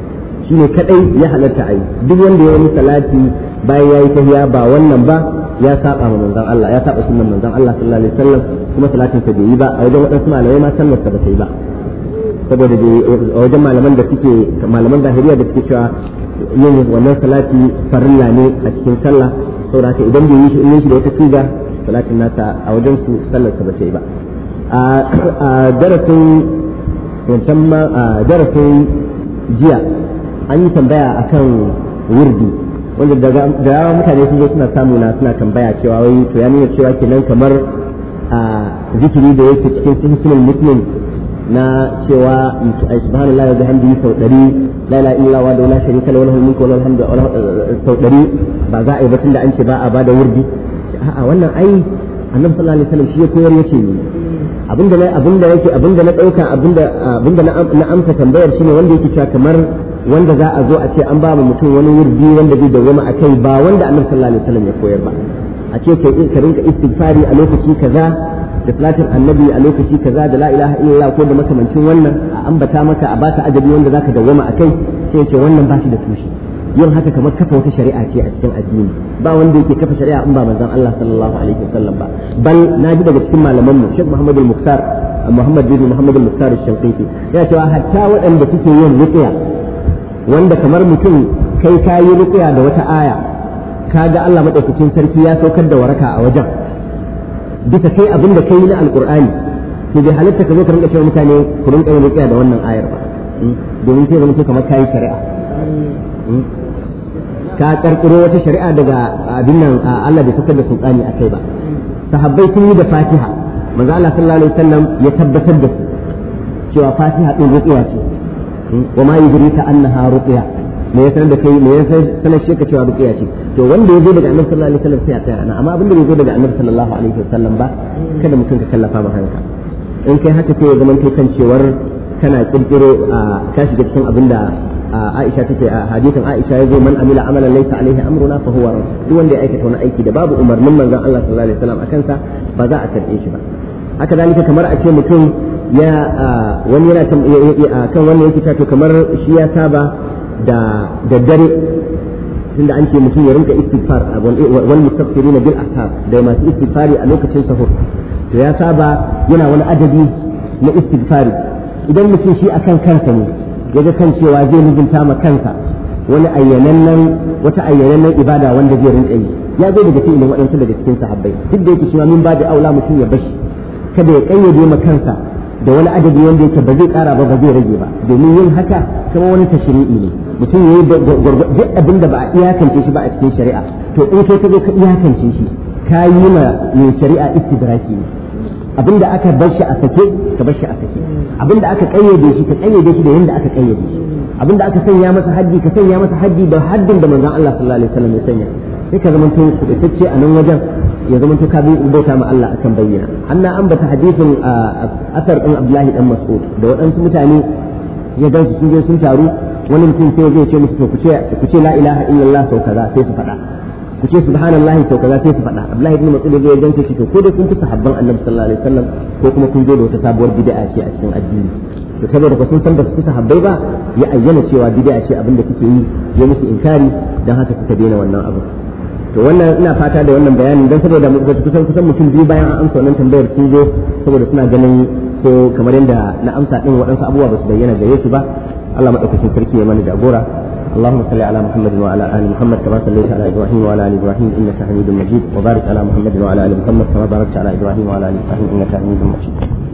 shine kadai ya halatta ai duk wanda ya yi salati bayan yayi tahiya ba wannan ba ya saba ma manzon Allah ya saba sunnan manzon Allah sallallahu alaihi wasallam kuma salatin sa bai yi ba a wajen wadansu malamai ma sallar sa ba ta yi ba saboda a wajen malaman da suke malaman zahiriya da suke cewa yin wannan salati farilla ne a cikin sallah saboda haka idan bai yi shi in shi da wata siga salatin nasa a wajen su sallar sa ba ta yi ba a darasin wancan ma a darasin jiya an yi tambaya akan wurdi wanda da yawa mutane sun zo suna samu na suna tambaya cewa wai to ya nuna cewa kenan kamar a zikiri da yake cikin sunan muslim na cewa subhanallah wa bihamdihi sau ɗari la ilaha illa wa la sharika wani lahul mulku wa lahul hamdu eh, sau ɗari ba za a yi ba tunda an ce ba a bada wurdi a'a wannan ai annabi sallallahu alaihi wasallam shi ya koyar yace ni abinda na abinda yake abinda na dauka abinda abinda na amsa tambayar shine wanda yake cewa kamar wanda za a zo a ce an ba mu mutum wani wurdi wanda zai dawwama a kai ba wanda annabi sallallahu alaihi wasallam ya koyar ba a ce ka rinka istighfari a lokaci kaza da salatin annabi a lokaci kaza da la ilaha illallah ko da makamancin wannan a ambata maka a baka ajabi wanda zaka dawwama a kai sai ya ce wannan ba shi da tushe yin haka kamar kafa wata shari'a ce a cikin addini ba wanda yake kafa shari'a in ba manzon Allah sallallahu alaihi wasallam ba bal na ji daga cikin malaman mu Sheikh Muhammad al-Muqtar Muhammad bin Muhammad al-Muqtar al-Shanqiti ya cewa hatta waɗanda suke yin ruqya wanda kamar mutum kai ka yi ruqya da wata aya ka ga Allah madaukakin sarki ya saukar da waraka a wajen bisa kai abin da kai na alqur'ani to bai halitta ka zo ka rinka cewa mutane ku rinka yin ruqya da wannan ayar ba domin sai zama kamar kai shari'a ka karkiro wata shari'a daga abin nan Allah bai saukar da a kai ba sahabbai sun yi da Fatiha manzo Allah sallallahu alaihi wasallam ya tabbatar da su cewa Fatiha din ruqya ce wa ma yudrika annaha ruqya me ya san da kai me ya sanar shi ka cewa ruqya ce to wanda ya zo daga annabi sallallahu alaihi wasallam sai a tsaya na amma abin da bai zo daga annabi sallallahu alaihi wasallam ba kada mutum ka tallafa ma hanka in kai haka sai ya zama kai kan cewar kana kirkiro ka shiga cikin abin da Aisha take a hadisin Aisha ya zo man amila amalan laysa alaihi amruna fa huwa duk wanda ya aikata wani aiki da babu umarnin manzon Allah sallallahu alaihi wasallam a kansa ba za a tarbe shi ba haka zalika kamar a ce mutum ya wani yana kan wannan yake tato kamar shi ya saba da daddare da an ce mutum ya rinka istighfar wal na bil ashab da masu istighfari a lokacin sahur to ya saba yana wani adadi na istighfari idan mutum shi akan kansa ne ga kan cewa zai mijinta ma kansa wani ayyanannen wata ayyanannen ibada wanda zai rinka yi ya zo daga cikin waɗansu daga cikin sahabbai duk da yake shi min ba da aula mutum ya bashi kada ya kayyade ma kansa da wani adadi wanda yake ba zai kara ba ba zai rage ba domin yin haka kuma wani tashri'i ne mutum yayi duk abin da ba a iyakance shi ba a cikin shari'a to in kai ka zo ka iyakance shi ka yi ma mai shari'a istidraki ne abin da aka bar shi a sake ka bar shi a sake abin da aka kayyade shi ka kayyade shi da yanda aka kayyade shi abin da aka sanya masa haddi ka sanya masa haddi da haddin da manzon Allah sallallahu alaihi wasallam ya sanya sai ka zama tun kudatacce a nan wajen ya zama to ka bi bauta ma Allah akan bayyana anna ambata hadisin asar din Abdullahi dan Mas'ud da waɗansu mutane ya ga su je sun taru wani mutum sai zai ce musu to ku ce ku ce la ilaha illallah sau kaza sai su faɗa ku ce subhanallah sau kaza sai su faɗa Abdullahi ibn Mas'ud zai ganta shi ko dai kun fi sahabban Annabi sallallahu alaihi wasallam ko kuma kun je da wata sabuwar bid'a ce a cikin addini to saboda ba sun san da su sahabbai ba ya ayyana cewa bid'a ce abin da kuke yi ya musu inkari dan haka suka daina wannan abu to wannan ina fata da wannan bayanin don saboda kusan kusan mutum biyu bayan an amsa wannan tambayar sun zo saboda suna ganin ko kamar yadda na amsa din waɗansu abubuwa ba su bayyana gare su ba Allah sarki ya mana jagora اللهم صل على محمد وعلى ال محمد كما صليت على ابراهيم وعلى ال ابراهيم انك حميد مجيد وبارك على محمد وعلى ال محمد كما باركت على ابراهيم وعلى ال ابراهيم انك حميد مجيد